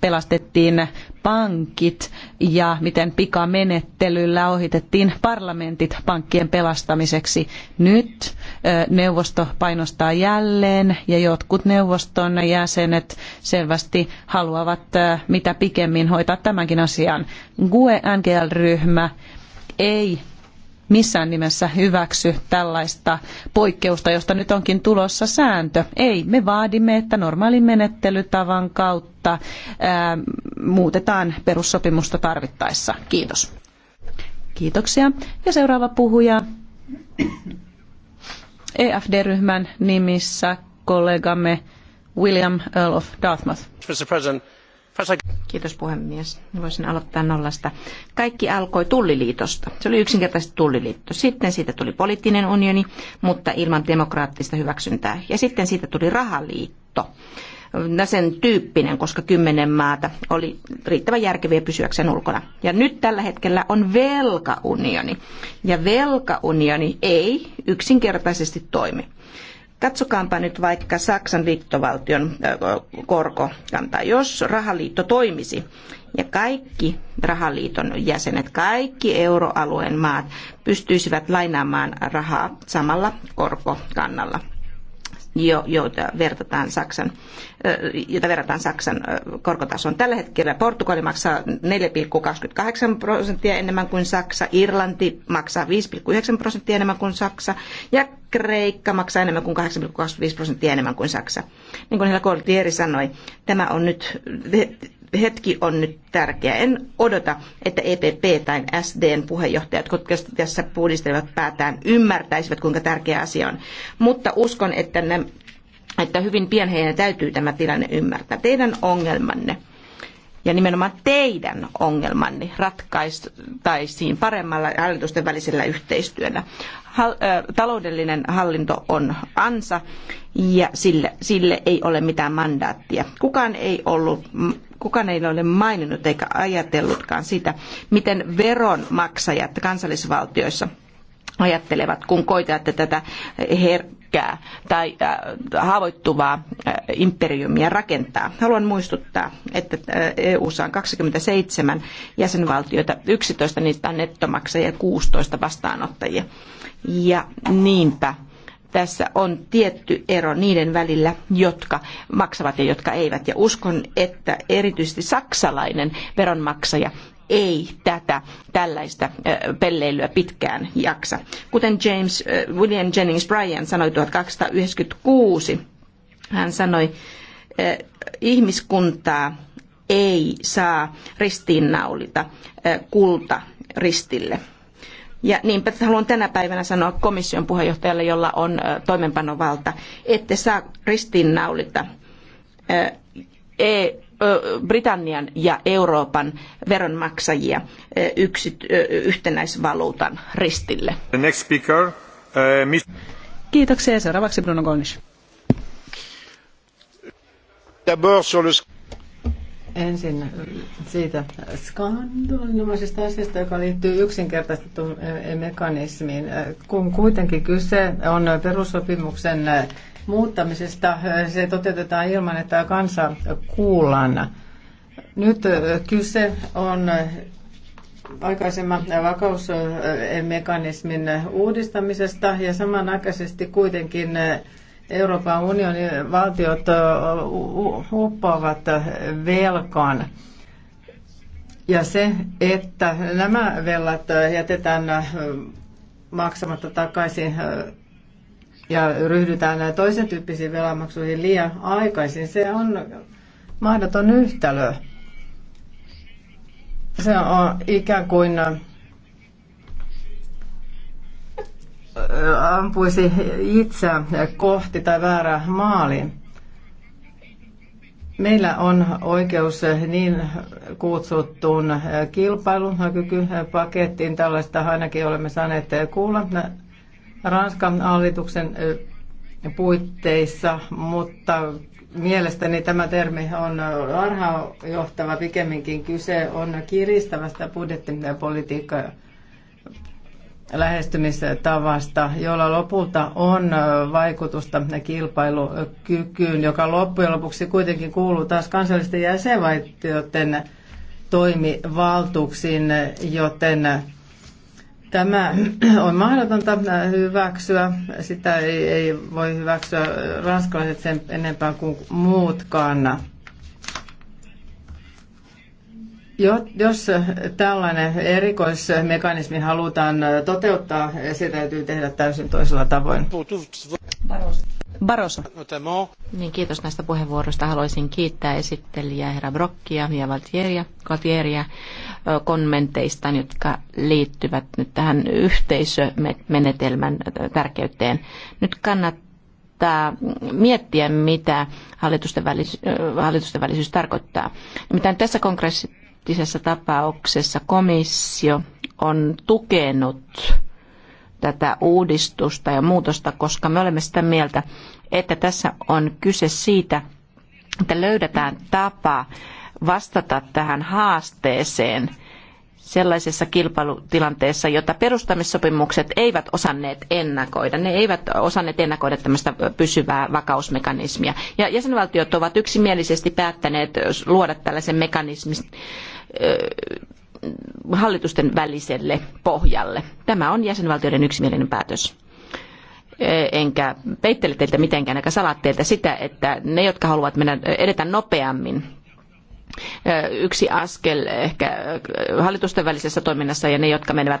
pelastettiin pankit ja miten pikamenettelyllä ohitettiin parlamentit pankkien pelastamiseksi. Nyt eh, neuvosto painostaa jälleen ja jotkut neuvoston jäsenet selvästi haluavat eh, mitä pikemmin hoitaa tämänkin asian. GUE-NGL-ryhmä ei missään nimessä hyväksy tällaista poikkeusta, josta nyt onkin tulossa sääntö. Ei, me vaadimme, että normaalin menettelytavan kautta ää, muutetaan perussopimusta tarvittaessa. Kiitos. Kiitoksia. Ja seuraava puhuja EFD-ryhmän nimissä kollegamme William Earl of Dartmouth. Mr. President. Kiitos puhemies. Voisin aloittaa nollasta. Kaikki alkoi tulliliitosta. Se oli yksinkertaisesti tulliliitto. Sitten siitä tuli poliittinen unioni, mutta ilman demokraattista hyväksyntää. Ja sitten siitä tuli rahaliitto. No sen tyyppinen, koska kymmenen maata oli riittävän järkeviä pysyäkseen ulkona. Ja nyt tällä hetkellä on velkaunioni. Ja velkaunioni ei yksinkertaisesti toimi. Katsokaanpa nyt vaikka Saksan liittovaltion korkokanta. Jos rahaliitto toimisi ja kaikki rahaliiton jäsenet, kaikki euroalueen maat pystyisivät lainaamaan rahaa samalla korkokannalla jo, joita vertataan Saksan, jota verrataan Saksan korkotasoon. Tällä hetkellä Portugali maksaa 4,28 prosenttia enemmän kuin Saksa, Irlanti maksaa 5,9 prosenttia enemmän kuin Saksa ja Kreikka maksaa enemmän kuin 8,25 prosenttia enemmän kuin Saksa. Niin kuin Hela Koltieri sanoi, tämä on nyt hetki on nyt tärkeä. En odota, että EPP tai SDn puheenjohtajat, jotka tässä puhdistelevat päätään, ymmärtäisivät, kuinka tärkeä asia on. Mutta uskon, että, ne, että hyvin pian heidän täytyy tämä tilanne ymmärtää. Teidän ongelmanne ja nimenomaan teidän ongelmanne ratkaistaisiin paremmalla hallitusten välisellä yhteistyöllä. taloudellinen hallinto on ansa ja sille, sille ei ole mitään mandaattia. Kukaan ei ollut kukaan ei ole maininnut eikä ajatellutkaan sitä, miten veronmaksajat kansallisvaltioissa ajattelevat, kun koitatte tätä herkkää tai äh, haavoittuvaa äh, imperiumia rakentaa. Haluan muistuttaa, että äh, EU:ssa on 27 jäsenvaltiota, 11 niistä on nettomaksajia ja 16 vastaanottajia. Ja niinpä tässä on tietty ero niiden välillä, jotka maksavat ja jotka eivät. Ja uskon, että erityisesti saksalainen veronmaksaja ei tätä tällaista pelleilyä pitkään jaksa. Kuten James, William Jennings Bryan sanoi 1296, hän sanoi, ihmiskuntaa ei saa ristiinnaulita kulta ristille. Ja niinpä haluan tänä päivänä sanoa komission puheenjohtajalle, jolla on toimenpanovalta, että saa ristiinnaulita Britannian ja Euroopan veronmaksajia yhtenäisvaluutan ristille. The next speaker, uh, miss... Kiitoksia. Seuraavaksi Bruno Ensin siitä skandaalinomaisesta asiasta, joka liittyy yksinkertaistettuun mekanismiin, kun kuitenkin kyse on perussopimuksen muuttamisesta. Se toteutetaan ilman, että kansa kuullaan. Nyt äh, kyse on aikaisemman vakausmekanismin uudistamisesta ja samanaikaisesti kuitenkin Euroopan unionin valtiot äh, uppoavat velkaan. Ja se, että nämä velat jätetään äh, maksamatta takaisin ja ryhdytään toisen tyyppisiin velanmaksuihin liian aikaisin, se on mahdoton yhtälö. Se on ikään kuin äh, ampuisi itseä kohti tai väärä maali Meillä on oikeus niin kutsuttuun kilpailukykypakettiin. Tällaista ainakin olemme saaneet kuulla Ranskan hallituksen puitteissa, mutta mielestäni tämä termi on johtava pikemminkin. Kyse on kiristävästä budjettipolitiikka lähestymistavasta, jolla lopulta on vaikutusta kilpailukykyyn, joka loppujen lopuksi kuitenkin kuuluu taas kansallisten jäsenvaltioiden toimivaltuuksiin, joten Tämä on mahdotonta äh, hyväksyä. Sitä ei, ei voi hyväksyä ranskalaiset sen enempää kuin muutkaan. Jos tällainen erikoismekanismi halutaan äh, toteuttaa, se täytyy tehdä täysin toisella tavoin. Baroso. Niin, kiitos näistä puheenvuoroista. Haluaisin kiittää esittelijää herra Brokkia ja Valtieria, Valtieria kommenteista, jotka liittyvät nyt tähän yhteisömenetelmän tärkeyteen. Nyt kannattaa miettiä, mitä hallitusten, välis, hallitusten välisyys tarkoittaa. Nimittäin tässä konkreettisessa tapauksessa komissio on tukenut tätä uudistusta ja muutosta, koska me olemme sitä mieltä, että tässä on kyse siitä, että löydetään tapa vastata tähän haasteeseen sellaisessa kilpailutilanteessa, jota perustamissopimukset eivät osanneet ennakoida. Ne eivät osanneet ennakoida tämmöistä pysyvää vakausmekanismia. Ja jäsenvaltiot ovat yksimielisesti päättäneet luoda tällaisen mekanismin hallitusten väliselle pohjalle. Tämä on jäsenvaltioiden yksimielinen päätös e, enkä peittele teiltä mitenkään, eikä salaa teiltä sitä, että ne, jotka haluavat mennä, edetä nopeammin yksi askel ehkä hallitusten välisessä toiminnassa ja ne, jotka menevät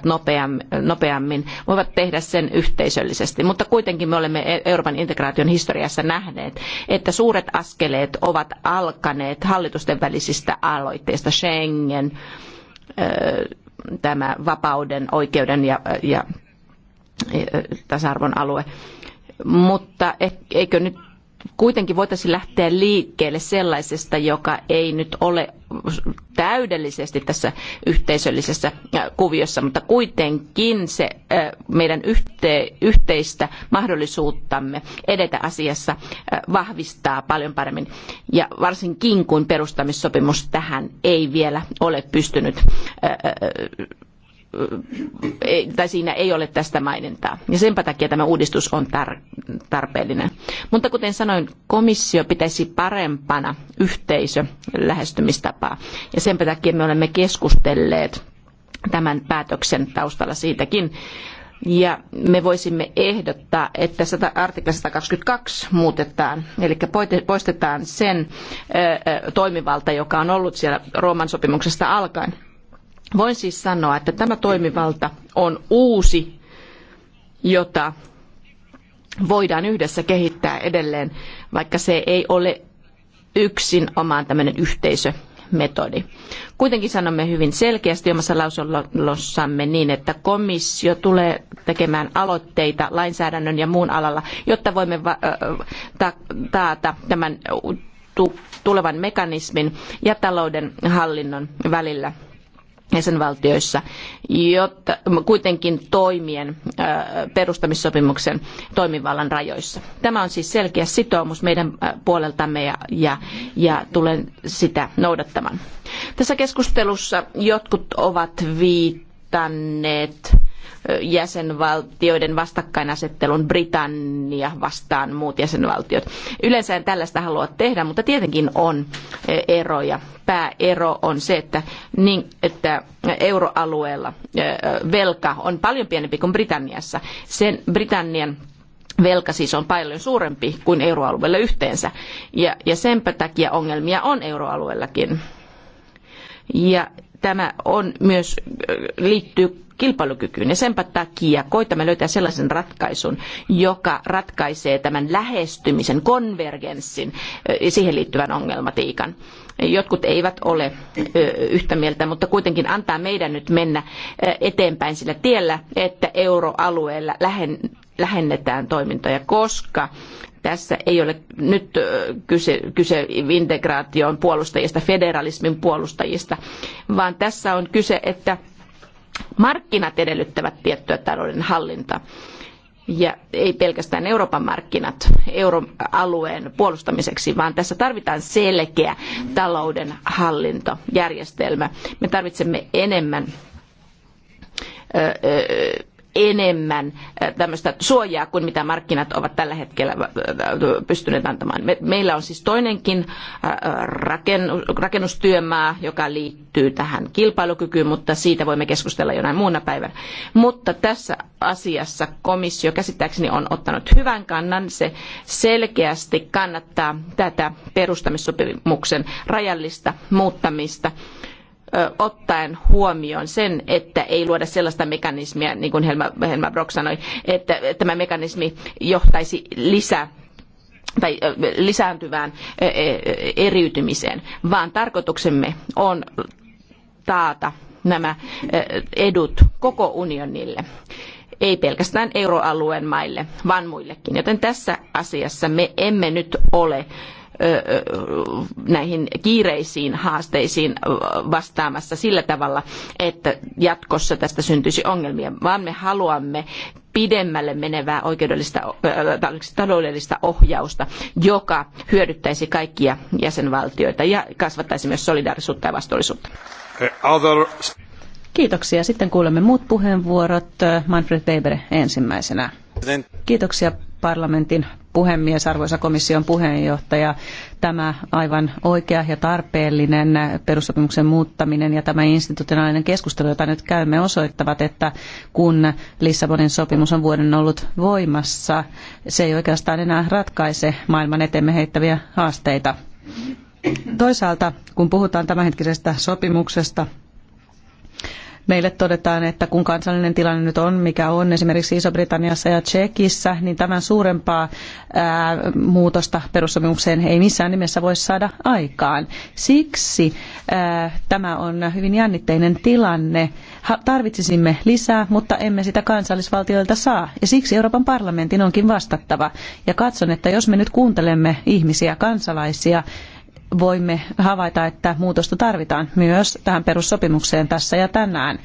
nopeammin, voivat tehdä sen yhteisöllisesti. Mutta kuitenkin me olemme e- Euroopan integraation historiassa nähneet, että suuret askeleet ovat alkaneet hallitusten välisistä aloitteista. Schengen, tämä vapauden, oikeuden ja, ja tasa-arvon alue. Mutta e- eikö nyt kuitenkin voitaisiin lähteä liikkeelle sellaisesta, joka ei nyt ole täydellisesti tässä yhteisöllisessä äh, kuviossa, mutta kuitenkin se äh, meidän yhteistä mahdollisuuttamme edetä asiassa äh, vahvistaa paljon paremmin. Ja varsinkin kun perustamissopimus tähän ei vielä ole pystynyt tai siinä ei ole tästä mainintaa. Ja sen takia tämä uudistus on tarpeellinen. Mutta kuten sanoin, komissio pitäisi parempana yhteisölähestymistapaa. Ja sen takia me olemme keskustelleet tämän päätöksen taustalla siitäkin. Ja me voisimme ehdottaa, että artikla 122 muutetaan, eli poistetaan sen toimivalta, joka on ollut siellä Rooman sopimuksesta alkaen Voin siis sanoa, että tämä toimivalta on uusi, jota voidaan yhdessä kehittää edelleen, vaikka se ei ole yksin omaan tämmöinen yhteisö metodi. Kuitenkin sanomme hyvin selkeästi omassa lausunnossamme niin, että komissio tulee tekemään aloitteita lainsäädännön ja muun alalla, jotta voimme taata tämän tulevan mekanismin ja talouden hallinnon välillä jäsenvaltioissa, jotta kuitenkin toimien perustamissopimuksen toimivallan rajoissa. Tämä on siis selkeä sitoumus meidän puoleltamme ja, ja, ja tulen sitä noudattamaan. Tässä keskustelussa jotkut ovat viitanneet jäsenvaltioiden vastakkainasettelun Britannia vastaan muut jäsenvaltiot. Yleensä en tällaista halua tehdä, mutta tietenkin on eh, eroja. Pääero on se, että, niin, että euroalueella eh, velka on paljon pienempi kuin Britanniassa. Sen Britannian velka siis on paljon suurempi kuin euroalueella yhteensä. Ja, ja senpä takia ongelmia on euroalueellakin. Ja tämä on myös eh, liittyy kilpailukykyyn. Ja senpä takia koitamme löytää sellaisen ratkaisun, joka ratkaisee tämän lähestymisen, konvergenssin, siihen liittyvän ongelmatiikan. Jotkut eivät ole yhtä mieltä, mutta kuitenkin antaa meidän nyt mennä eteenpäin sillä tiellä, että euroalueella lähennetään toimintoja, koska tässä ei ole nyt kyse, kyse integraation puolustajista, federalismin puolustajista, vaan tässä on kyse, että markkinat edellyttävät tiettyä talouden hallintaa. Ja ei pelkästään Euroopan markkinat euroalueen puolustamiseksi, vaan tässä tarvitaan selkeä talouden hallintojärjestelmä. Me tarvitsemme enemmän enemmän äh, tämmöistä suojaa kuin mitä markkinat ovat tällä hetkellä äh, äh, pystyneet antamaan. meillä on siis toinenkin rakennustyömaa, joka liittyy tähän kilpailukykyyn, mutta siitä voimme keskustella jonain muuna päivänä. Mutta tässä asiassa komissio käsittääkseni on ottanut hyvän kannan. Se selkeästi kannattaa tätä perustamissopimuksen rajallista muuttamista ottaen huomioon sen, että ei luoda sellaista mekanismia, niin kuin Helma, Helma Brock sanoi, että tämä mekanismi johtaisi lisää tai lisääntyvään eriytymiseen, vaan tarkoituksemme on taata nämä edut koko unionille ei pelkästään euroalueen maille, vaan muillekin. Joten tässä asiassa me emme nyt ole näihin kiireisiin haasteisiin vastaamassa sillä tavalla, että jatkossa tästä syntyisi ongelmia, vaan me haluamme pidemmälle menevää oikeudellista taloudellista ohjausta, joka hyödyttäisi kaikkia jäsenvaltioita ja kasvattaisi myös solidaarisuutta ja vastuullisuutta. Kiitoksia. Sitten kuulemme muut puheenvuorot. Manfred Weber ensimmäisenä. Kiitoksia parlamentin puhemies, arvoisa komission puheenjohtaja, tämä aivan oikea ja tarpeellinen perussopimuksen muuttaminen ja tämä institutionaalinen keskustelu, jota nyt käymme, osoittavat, että kun Lissabonin sopimus on vuoden ollut voimassa, se ei oikeastaan enää ratkaise maailman eteemme heittäviä haasteita. Toisaalta, kun puhutaan tämänhetkisestä sopimuksesta, meille todetaan, että kun kansallinen tilanne nyt on, mikä on esimerkiksi Iso-Britanniassa ja Tsekissä, niin tämän suurempaa ää, muutosta perussopimukseen ei missään nimessä voi saada aikaan. Siksi ää, tämä on hyvin jännitteinen tilanne. Ha, tarvitsisimme lisää, mutta emme sitä kansallisvaltioilta saa. Ja siksi Euroopan parlamentin onkin vastattava. Ja katson, että jos me nyt kuuntelemme ihmisiä, kansalaisia, voimme havaita, että muutosta tarvitaan myös tähän perussopimukseen tässä ja tänään.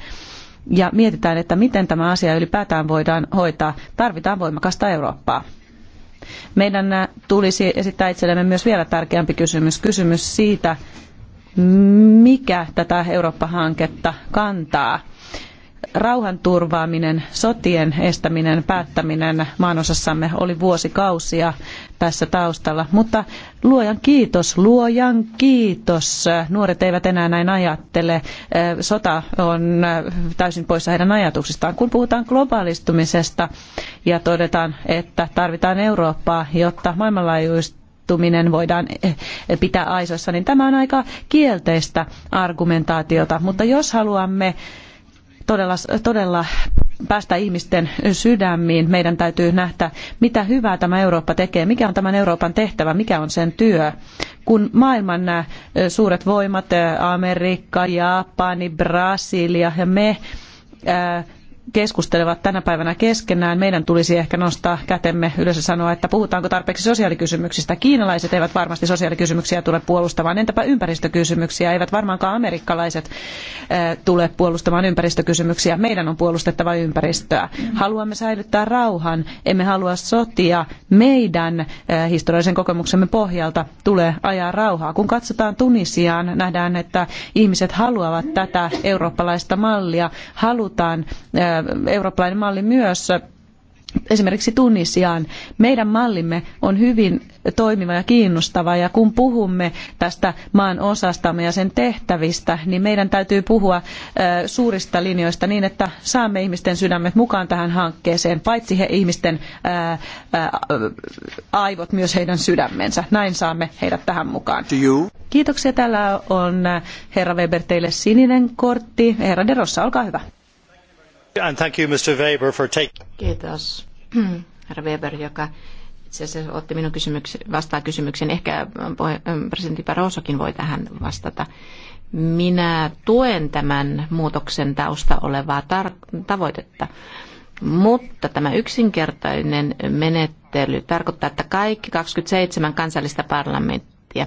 Ja mietitään, että miten tämä asia ylipäätään voidaan hoitaa. Tarvitaan voimakasta Eurooppaa. Meidän äh, tulisi esittää itsellemme myös vielä tärkeämpi kysymys. Kysymys siitä, mikä tätä Eurooppa-hanketta kantaa rauhanturvaaminen, sotien estäminen, päättäminen maanosassamme oli vuosikausia tässä taustalla. Mutta luojan kiitos, luojan kiitos. Nuoret eivät enää näin ajattele. Sota on täysin poissa heidän ajatuksistaan. Kun puhutaan globaalistumisesta ja todetaan, että tarvitaan Eurooppaa, jotta maailmanlaajuista voidaan e, e, pitää aisoissa, niin tämä on aika kielteistä argumentaatiota. Mutta jos haluamme todella, todella päästä ihmisten sydämiin. Meidän täytyy nähdä, mitä hyvää tämä Eurooppa tekee, mikä on tämän Euroopan tehtävä, mikä on sen työ. Kun maailman nämä äh, suuret voimat, äh, Amerikka, Japani, Brasilia ja me, äh, keskustelevat tänä päivänä keskenään. Meidän tulisi ehkä nostaa kätemme ylös ja sanoa, että puhutaanko tarpeeksi sosiaalikysymyksistä. Kiinalaiset eivät varmasti sosiaalikysymyksiä tule puolustamaan. Entäpä ympäristökysymyksiä? Eivät varmaankaan amerikkalaiset eh, tule puolustamaan ympäristökysymyksiä. Meidän on puolustettava ympäristöä. Haluamme säilyttää rauhan, emme halua sotia. Meidän eh, historiallisen kokemuksemme pohjalta tulee ajaa rauhaa. Kun katsotaan Tunisiaan, nähdään, että ihmiset haluavat tätä eurooppalaista mallia. Halutaan eh, eurooppalainen malli myös esimerkiksi Tunisiaan. Meidän mallimme on hyvin toimiva ja kiinnostava ja kun puhumme tästä maan osastamme ja sen tehtävistä, niin meidän täytyy puhua suurista linjoista niin, että saamme ihmisten sydämet mukaan tähän hankkeeseen, paitsi he ihmisten aivot, myös heidän sydämensä. Näin saamme heidät tähän mukaan. Kiitoksia. Täällä on herra Weber teille sininen kortti. Herra Derossa, olkaa hyvä. Kiitos herra Weber, joka itse asiassa otti minun kysymyks- vastaa kysymyksen. Ehkä ähm, ähm, presidentti Barrosokin voi tähän vastata. Minä tuen tämän muutoksen tausta olevaa tavoitetta. Mutta tämä yksinkertainen menettely tarkoittaa, että kaikki 27 kansallista parlamenttia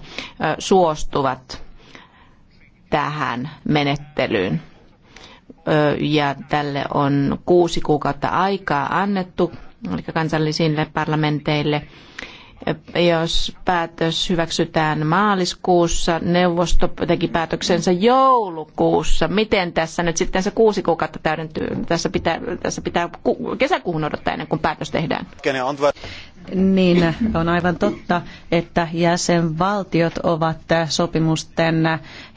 suostuvat tähän menettelyyn ja tälle on kuusi kuukautta aikaa annettu, eli kansallisille parlamenteille jos päätös hyväksytään maaliskuussa, neuvosto teki päätöksensä joulukuussa. Miten tässä nyt sitten se kuusi kuukautta täydentyy? Tässä pitää, tässä pitää kesäkuuhun odottaa ennen kuin päätös tehdään. Niin, on aivan totta, että jäsenvaltiot ovat sopimusten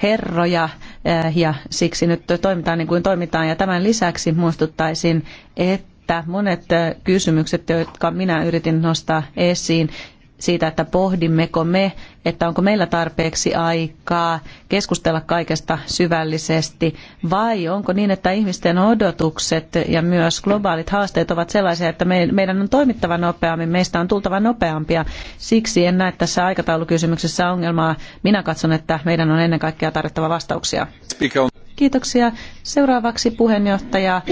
herroja eh, ja siksi nyt toimitaan niin kuin toimitaan. Ja tämän lisäksi muistuttaisin, että että monet eh, kysymykset, jotka minä yritin nostaa esiin, siitä, että pohdimmeko me, että onko meillä tarpeeksi aikaa keskustella kaikesta syvällisesti, vai onko niin, että ihmisten odotukset ja myös globaalit haasteet ovat sellaisia, että meidän on toimittava nopeammin, meistä on tultava nopeampia. Siksi en näe tässä aikataulukysymyksessä ongelmaa. Minä katson, että meidän on ennen kaikkea tarjottava vastauksia. Kiitoksia. Seuraavaksi puheenjohtaja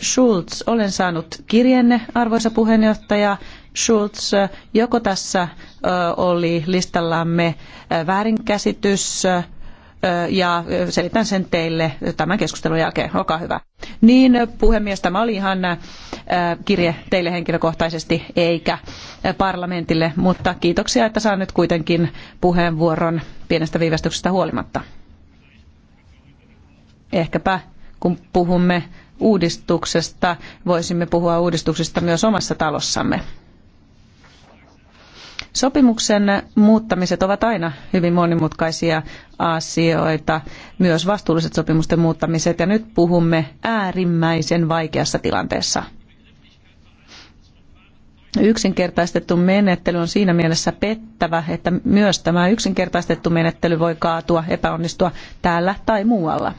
Schulz. Olen saanut kirjenne, arvoisa puheenjohtaja Schulz. Joko tässä oli listallamme väärinkäsitys ja selitän sen teille tämän keskustelun jälkeen. Olkaa hyvä. Niin, puhemies, tämä oli ihan kirje teille henkilökohtaisesti eikä parlamentille, mutta kiitoksia, että saan nyt kuitenkin puheenvuoron pienestä viivästyksestä huolimatta ehkäpä kun puhumme uudistuksesta, voisimme puhua uudistuksesta myös omassa talossamme. Sopimuksen muuttamiset ovat aina hyvin monimutkaisia asioita, myös vastuulliset sopimusten muuttamiset, ja nyt puhumme äärimmäisen vaikeassa tilanteessa. Yksinkertaistettu menettely on siinä mielessä pettävä, että myös tämä yksinkertaistettu menettely voi kaatua, epäonnistua täällä tai muualla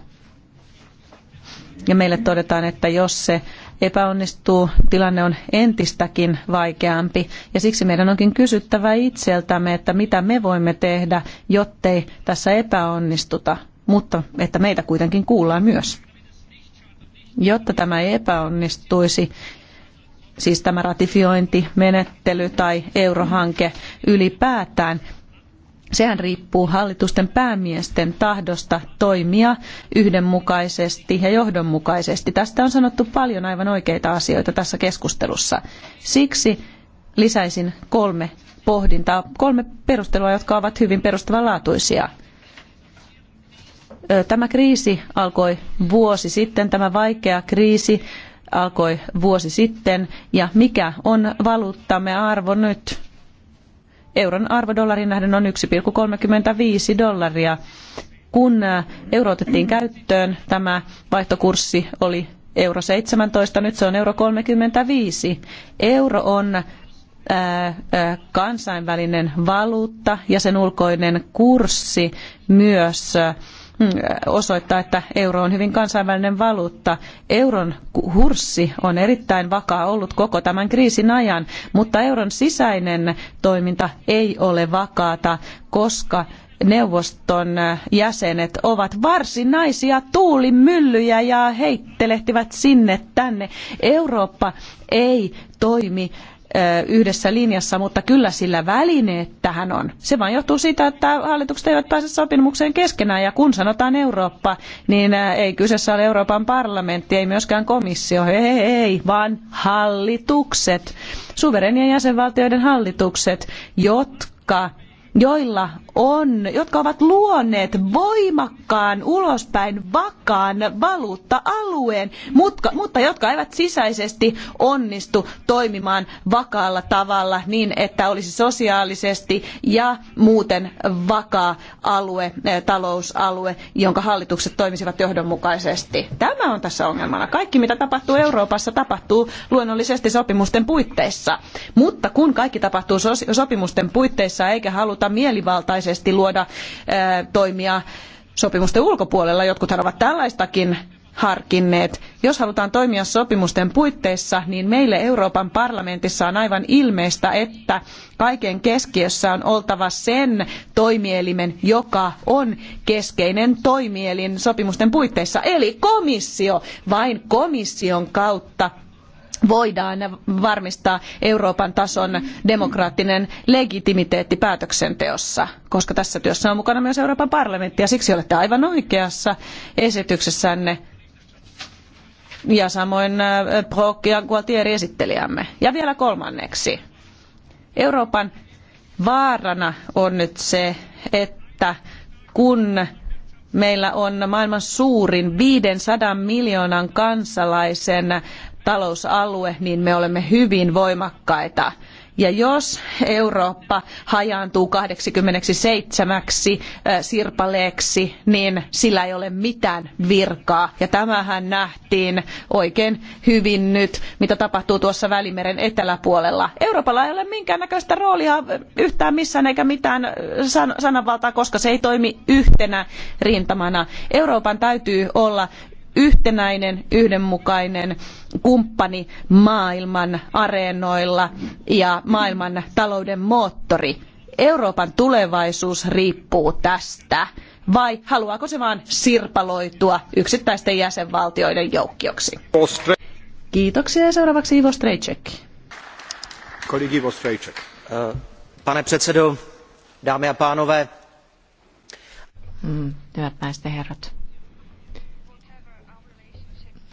ja meille todetaan, että jos se epäonnistuu, tilanne on entistäkin vaikeampi. Ja siksi meidän onkin kysyttävä itseltämme, että mitä me voimme tehdä, jottei tässä epäonnistuta, mutta että meitä kuitenkin kuullaan myös. Jotta tämä ei epäonnistuisi, siis tämä ratifiointimenettely tai eurohanke ylipäätään, sehän riippuu hallitusten päämiesten tahdosta toimia yhdenmukaisesti ja johdonmukaisesti. Tästä on sanottu paljon aivan oikeita asioita tässä keskustelussa. Siksi lisäisin kolme pohdintaa, kolme perustelua, jotka ovat hyvin perustavanlaatuisia. Tämä kriisi alkoi vuosi sitten, tämä vaikea kriisi alkoi vuosi sitten, ja mikä on valuuttamme arvo nyt? euron arvo dollarin nähden on 1,35 dollaria. Kun euro otettiin käyttöön, tämä vaihtokurssi oli euro 17, nyt se on euro 35. Euro on kansainvälinen valuutta ja sen ulkoinen kurssi myös Mm, osoittaa, että euro on hyvin kansainvälinen valuutta. Euron hurssi on erittäin vakaa ollut koko tämän kriisin ajan, mutta euron sisäinen toiminta ei ole vakaata, koska neuvoston äh, jäsenet ovat varsinaisia tuulimyllyjä ja heittelehtivät sinne tänne. Eurooppa ei toimi yhdessä linjassa, mutta kyllä sillä välineet tähän on. Se vain johtuu siitä, että hallitukset eivät pääse sopimukseen keskenään ja kun sanotaan Eurooppa, niin ei kyseessä ole Euroopan parlamentti, ei myöskään komissio, ei, ei, ei vaan hallitukset, suverenien jäsenvaltioiden hallitukset, jotka joilla on, jotka ovat luoneet voimakkaan ulospäin vakaan valuutta-alueen, mutta, mutta jotka eivät sisäisesti onnistu toimimaan vakaalla tavalla niin, että olisi sosiaalisesti ja muuten vakaa alue, eh, talousalue, jonka hallitukset toimisivat johdonmukaisesti. Tämä on tässä ongelmana. Kaikki mitä tapahtuu Euroopassa tapahtuu luonnollisesti sopimusten puitteissa. Mutta kun kaikki tapahtuu sopimusten puitteissa eikä haluta haluta mielivaltaisesti luoda äh, toimia sopimusten ulkopuolella. Jotkuthan ovat tällaistakin harkinneet. Jos halutaan toimia sopimusten puitteissa, niin meille Euroopan parlamentissa on aivan ilmeistä, että kaiken keskiössä on oltava sen toimielimen, joka on keskeinen toimielin sopimusten puitteissa, eli komissio. Vain komission kautta voidaan varmistaa Euroopan tason demokraattinen legitimiteetti päätöksenteossa, koska tässä työssä on mukana myös Euroopan parlamentti ja siksi olette aivan oikeassa esityksessänne ja samoin äh, Brock ja Gualtieri esittelijämme. Ja vielä kolmanneksi. Euroopan vaarana on nyt se, että kun meillä on maailman suurin 500 miljoonan kansalaisen talousalue, niin me olemme hyvin voimakkaita. Ja jos Eurooppa hajaantuu 87 sirpaleeksi, niin sillä ei ole mitään virkaa. Ja tämähän nähtiin oikein hyvin nyt, mitä tapahtuu tuossa Välimeren eteläpuolella. Euroopalla ei ole minkäännäköistä roolia yhtään missään eikä mitään sananvaltaa, koska se ei toimi yhtenä rintamana. Euroopan täytyy olla yhtenäinen, yhdenmukainen kumppani maailman areenoilla ja maailman talouden moottori. Euroopan tulevaisuus riippuu tästä. Vai haluaako se vain sirpaloitua yksittäisten jäsenvaltioiden joukkioksi? Kiitoksia ja seuraavaksi Ivo Strejček. Kolik Ivo Strejček. Pane předsedo, dámy a pánové. Mm, hyvät naiset herrat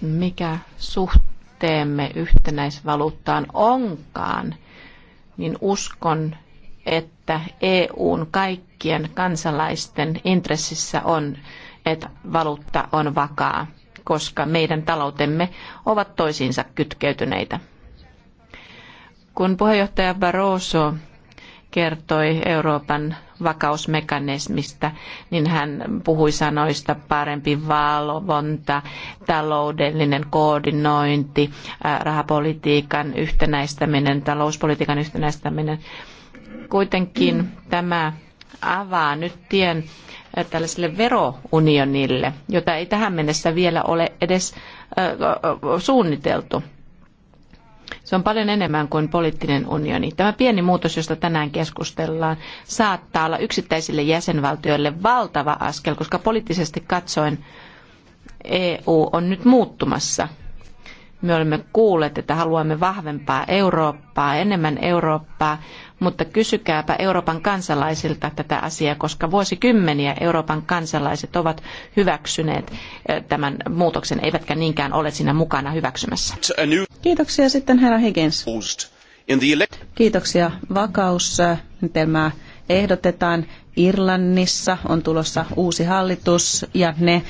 mikä suhteemme yhtenäisvaluuttaan onkaan, niin uskon, että EUn kaikkien kansalaisten intressissä on, että valuutta on vakaa, koska meidän taloutemme ovat toisiinsa kytkeytyneitä. Kun puheenjohtaja Barroso kertoi Euroopan vakausmekanismista, niin hän puhui sanoista parempi valvonta, taloudellinen koordinointi, rahapolitiikan yhtenäistäminen, talouspolitiikan yhtenäistäminen. Kuitenkin tämä avaa nyt tien tällaiselle verounionille, jota ei tähän mennessä vielä ole edes suunniteltu. Se on paljon enemmän kuin poliittinen unioni. Tämä pieni muutos, josta tänään keskustellaan, saattaa olla yksittäisille jäsenvaltioille valtava askel, koska poliittisesti katsoen EU on nyt muuttumassa – me olemme kuulleet, että haluamme vahvempaa Eurooppaa, enemmän Eurooppaa, mutta kysykääpä Euroopan kansalaisilta tätä asiaa, koska vuosikymmeniä Euroopan kansalaiset ovat hyväksyneet eh, tämän muutoksen, eivätkä niinkään ole siinä mukana hyväksymässä. Kiitoksia sitten herra Higgins. Kiitoksia. Vakausmenetelmää eh, ehdotetaan. Irlannissa on tulossa uusi hallitus ja ne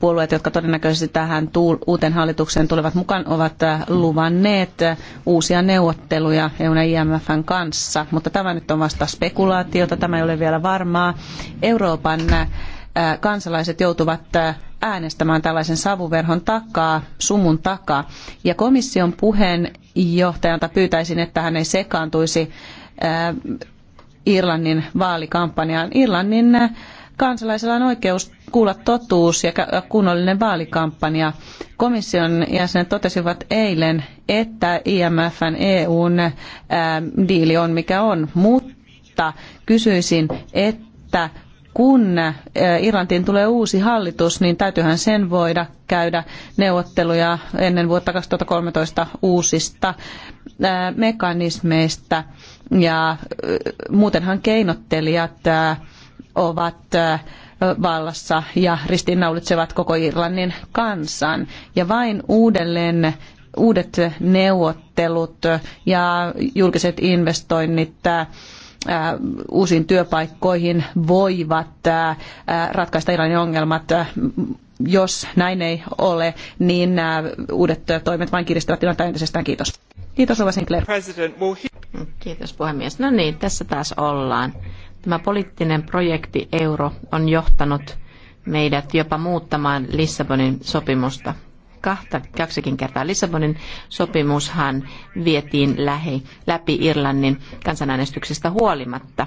puolueet, jotka todennäköisesti tähän uuteen hallitukseen tulevat mukaan, ovat luvanneet uusia neuvotteluja EUn ja IMFn kanssa. Mutta tämä nyt on vasta spekulaatiota, tämä ei ole vielä varmaa. Euroopan kansalaiset joutuvat äänestämään tällaisen savuverhon takaa, sumun takaa. Ja komission puheenjohtajalta pyytäisin, että hän ei sekaantuisi Irlannin vaalikampanjaan. Irlannin kansalaisilla on oikeus kuulla totuus ja kunnollinen vaalikampanja. Komission jäsenet totesivat eilen, että IMFn EUn ää, diili on mikä on, mutta kysyisin, että kun Irlantiin tulee uusi hallitus, niin täytyyhän sen voida käydä neuvotteluja ennen vuotta 2013 uusista mekanismeista. Ja muutenhan keinottelijat ovat vallassa ja ristiinnaulitsevat koko Irlannin kansan. Ja vain uudelleen uudet neuvottelut ja julkiset investoinnit uusiin työpaikkoihin voivat ratkaista Irlannin ongelmat. Jos näin ei ole, niin nämä uudet toimet vain kiristävät tilannetta entisestään. Kiitos. Kiitos Rova Sinclair. Kiitos puhemies. No niin, tässä taas ollaan. Tämä poliittinen projekti euro on johtanut meidät jopa muuttamaan Lissabonin sopimusta. Kahta, kaksikin kertaa Lissabonin sopimushan vietiin lähi, läpi Irlannin kansanäänestyksestä huolimatta.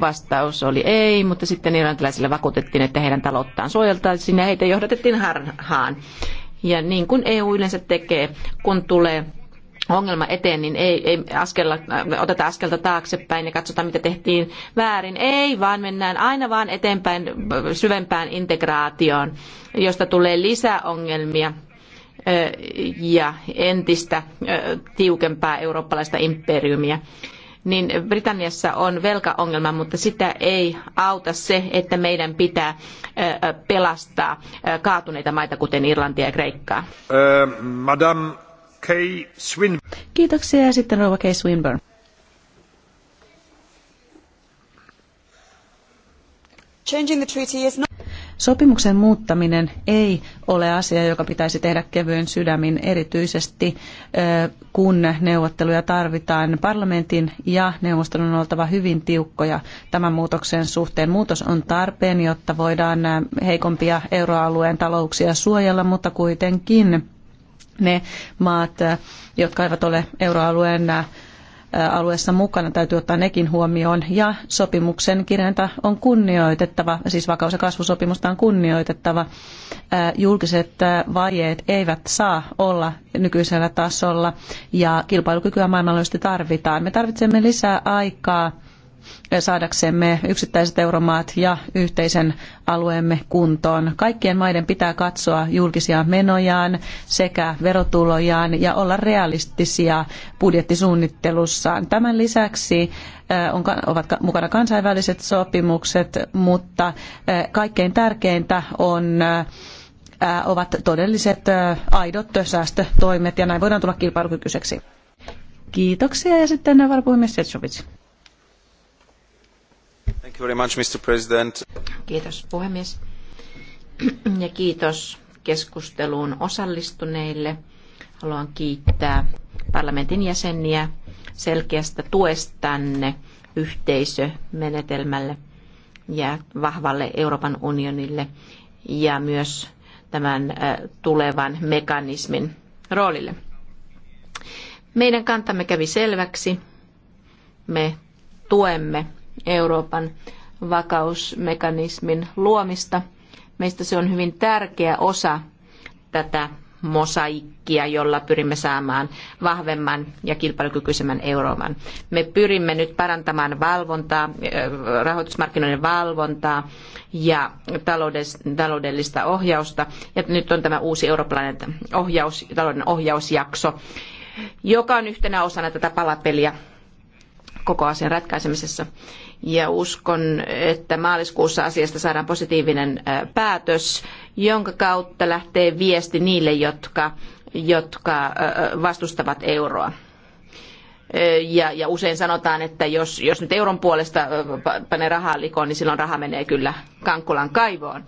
Vastaus oli ei, mutta sitten irlantilaisille vakuutettiin, että heidän talouttaan suojeltaisiin ja heitä johdatettiin harhaan. Ja niin kuin EU yleensä tekee, kun tulee ongelma eteen, niin ei, ei askella, äh, oteta askelta taaksepäin ja katsotaan, mitä tehtiin väärin. Ei, vaan mennään aina vaan eteenpäin äh, syvempään integraatioon, josta tulee lisää ongelmia äh, ja entistä tiukempaa eurooppalaista imperiumia niin Britanniassa on velkaongelma, mutta sitä ei auta se, että meidän pitää pelastaa kaatuneita maita, kuten Irlantia ja Kreikkaa. Madame Kay Swinburne. Kiitoksia ja sitten rouva Kay Swinburne. Changing the treaty is not... Sopimuksen muuttaminen ei ole asia, joka pitäisi tehdä kevyen sydämin, erityisesti kun neuvotteluja tarvitaan. Parlamentin ja neuvoston on oltava hyvin tiukkoja tämän muutoksen suhteen. Muutos on tarpeen, jotta voidaan heikompia euroalueen talouksia suojella, mutta kuitenkin ne maat, äh, jotka eivät ole euroalueen äh, alueessa mukana, täytyy ottaa nekin huomioon. Ja sopimuksen kirjainta on kunnioitettava, siis vakaus- ja kasvusopimusta on kunnioitettava. Äh, julkiset vajeet eivät saa olla nykyisellä tasolla ja kilpailukykyä maailmanlaajuisesti tarvitaan. Me tarvitsemme lisää aikaa saadaksemme yksittäiset euromaat ja yhteisen alueemme kuntoon. Kaikkien maiden pitää katsoa julkisia menojaan sekä verotulojaan ja olla realistisia budjettisuunnittelussaan. Tämän lisäksi äh, ovat mukana kansainväliset sopimukset, mutta äh, kaikkein tärkeintä on äh, ovat todelliset aidot säästötoimet ja näin voidaan tulla kilpailukykyiseksi. Kiitoksia ja sitten varapuhemies Setsovic. Thank you very much, Mr. President. Kiitos puhemies ja kiitos keskusteluun osallistuneille. Haluan kiittää parlamentin jäseniä selkeästä tuestanne yhteisömenetelmälle ja vahvalle Euroopan unionille ja myös tämän äh, tulevan mekanismin roolille. Meidän kantamme kävi selväksi. Me tuemme Euroopan vakausmekanismin luomista. Meistä se on hyvin tärkeä osa tätä mosaikkia, jolla pyrimme saamaan vahvemman ja kilpailukykyisemmän Euroopan. Me pyrimme nyt parantamaan valvontaa, eh, rahoitusmarkkinoiden valvontaa ja taloudellista ohjausta. Ja nyt on tämä uusi eurooppalainen ohjaus, talouden ohjausjakso, joka on yhtenä osana tätä palapeliä koko asian ratkaisemisessa ja uskon, että maaliskuussa asiasta saadaan positiivinen päätös, jonka kautta lähtee viesti niille, jotka, jotka vastustavat euroa. Ja, ja, usein sanotaan, että jos, jos nyt euron puolesta panee rahaa likoon, niin silloin raha menee kyllä Kankkulan kaivoon.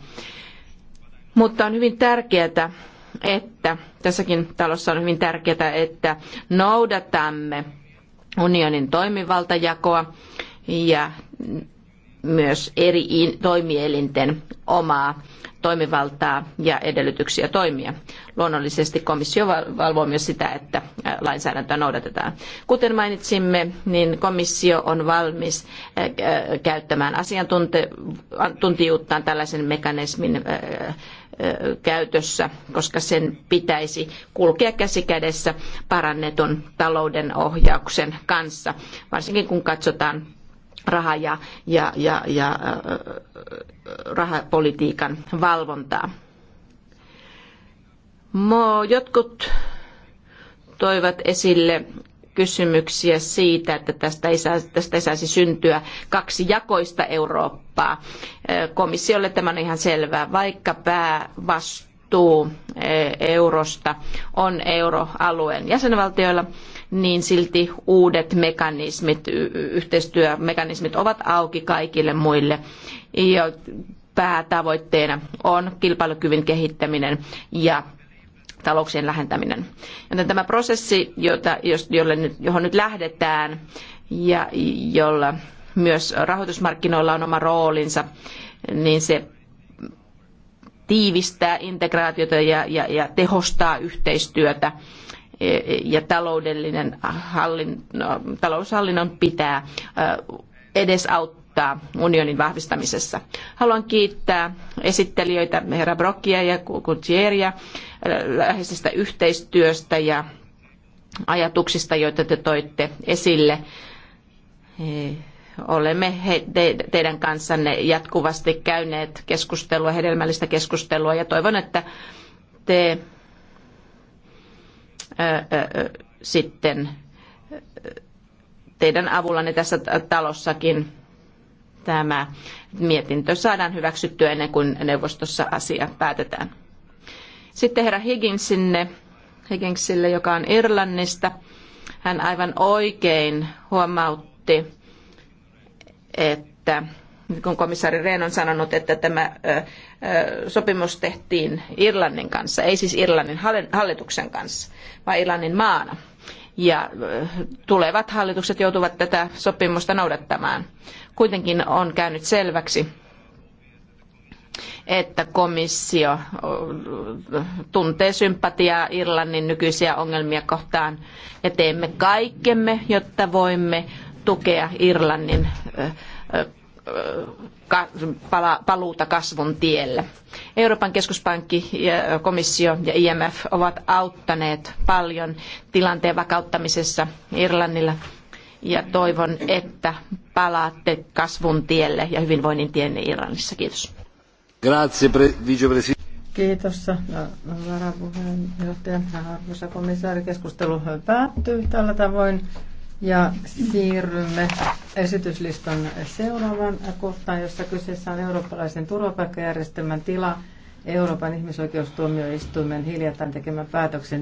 Mutta on hyvin tärkeää, että tässäkin talossa on hyvin tärkeää, että noudatamme unionin toimivaltajakoa ja myös eri toimielinten omaa toimivaltaa ja edellytyksiä toimia. Luonnollisesti komissio valvoo myös sitä, että lainsäädäntöä noudatetaan. Kuten mainitsimme, niin komissio on valmis käyttämään asiantuntijuuttaan tällaisen mekanismin käytössä, koska sen pitäisi kulkea käsi kädessä parannetun talouden ohjauksen kanssa, varsinkin kun katsotaan raha- ja, ja, ja, ja rahapolitiikan valvontaa. Mo, jotkut toivat esille kysymyksiä siitä, että tästä ei, saisi, tästä ei saisi syntyä kaksi jakoista Eurooppaa. Komissiolle tämä on ihan selvää, vaikka päävastuu eurosta on euroalueen jäsenvaltioilla, niin silti uudet mekanismit, yhteistyömekanismit ovat auki kaikille muille. Ja päätavoitteena on kilpailukyvyn kehittäminen ja talouksien lähentäminen. Joten tämä prosessi, jota, jolle nyt, johon nyt lähdetään ja jolla myös rahoitusmarkkinoilla on oma roolinsa, niin se tiivistää integraatiota ja, ja, ja tehostaa yhteistyötä ja taloudellinen hallin, no, taloushallinnon pitää edesauttaa unionin vahvistamisessa. Haluan kiittää esittelijöitä herra Brockia ja Kutsieria, läheisestä yhteistyöstä ja ajatuksista, joita te toitte esille olemme teidän kanssanne jatkuvasti käyneet keskustelua, hedelmällistä keskustelua ja toivon, että te sitten teidän avullanne tässä talossakin tämä mietintö saadaan hyväksyttyä ennen kuin neuvostossa asia päätetään. Sitten herra Higginsinne, Higginsille, joka on Irlannista, hän aivan oikein huomautti, että kun komissaari Rehn on sanonut, että tämä sopimus tehtiin Irlannin kanssa, ei siis Irlannin hallituksen kanssa, vaan Irlannin maana. Ja tulevat hallitukset joutuvat tätä sopimusta noudattamaan. Kuitenkin on käynyt selväksi, että komissio tuntee sympatiaa Irlannin nykyisiä ongelmia kohtaan ja teemme kaikkemme, jotta voimme tukea Irlannin paluuta kasvun tielle. Euroopan keskuspankki, komissio ja IMF ovat auttaneet paljon tilanteen vakauttamisessa Irlannilla ja toivon, että palaatte kasvun tielle ja hyvinvoinnin tielle Irlannissa. Kiitos. Grazie, vicepresidente. Kiitos äh, varapuheenjohtaja. Arvoisa komissaari, keskustelu päättyy tällä tavoin. Ja siirrymme esityslistan seuraavaan kohtaan, jossa kyseessä on eurooppalaisen turvapaikkajärjestelmän tila Euroopan ihmisoikeustuomioistuimen hiljattain tekemän päätöksen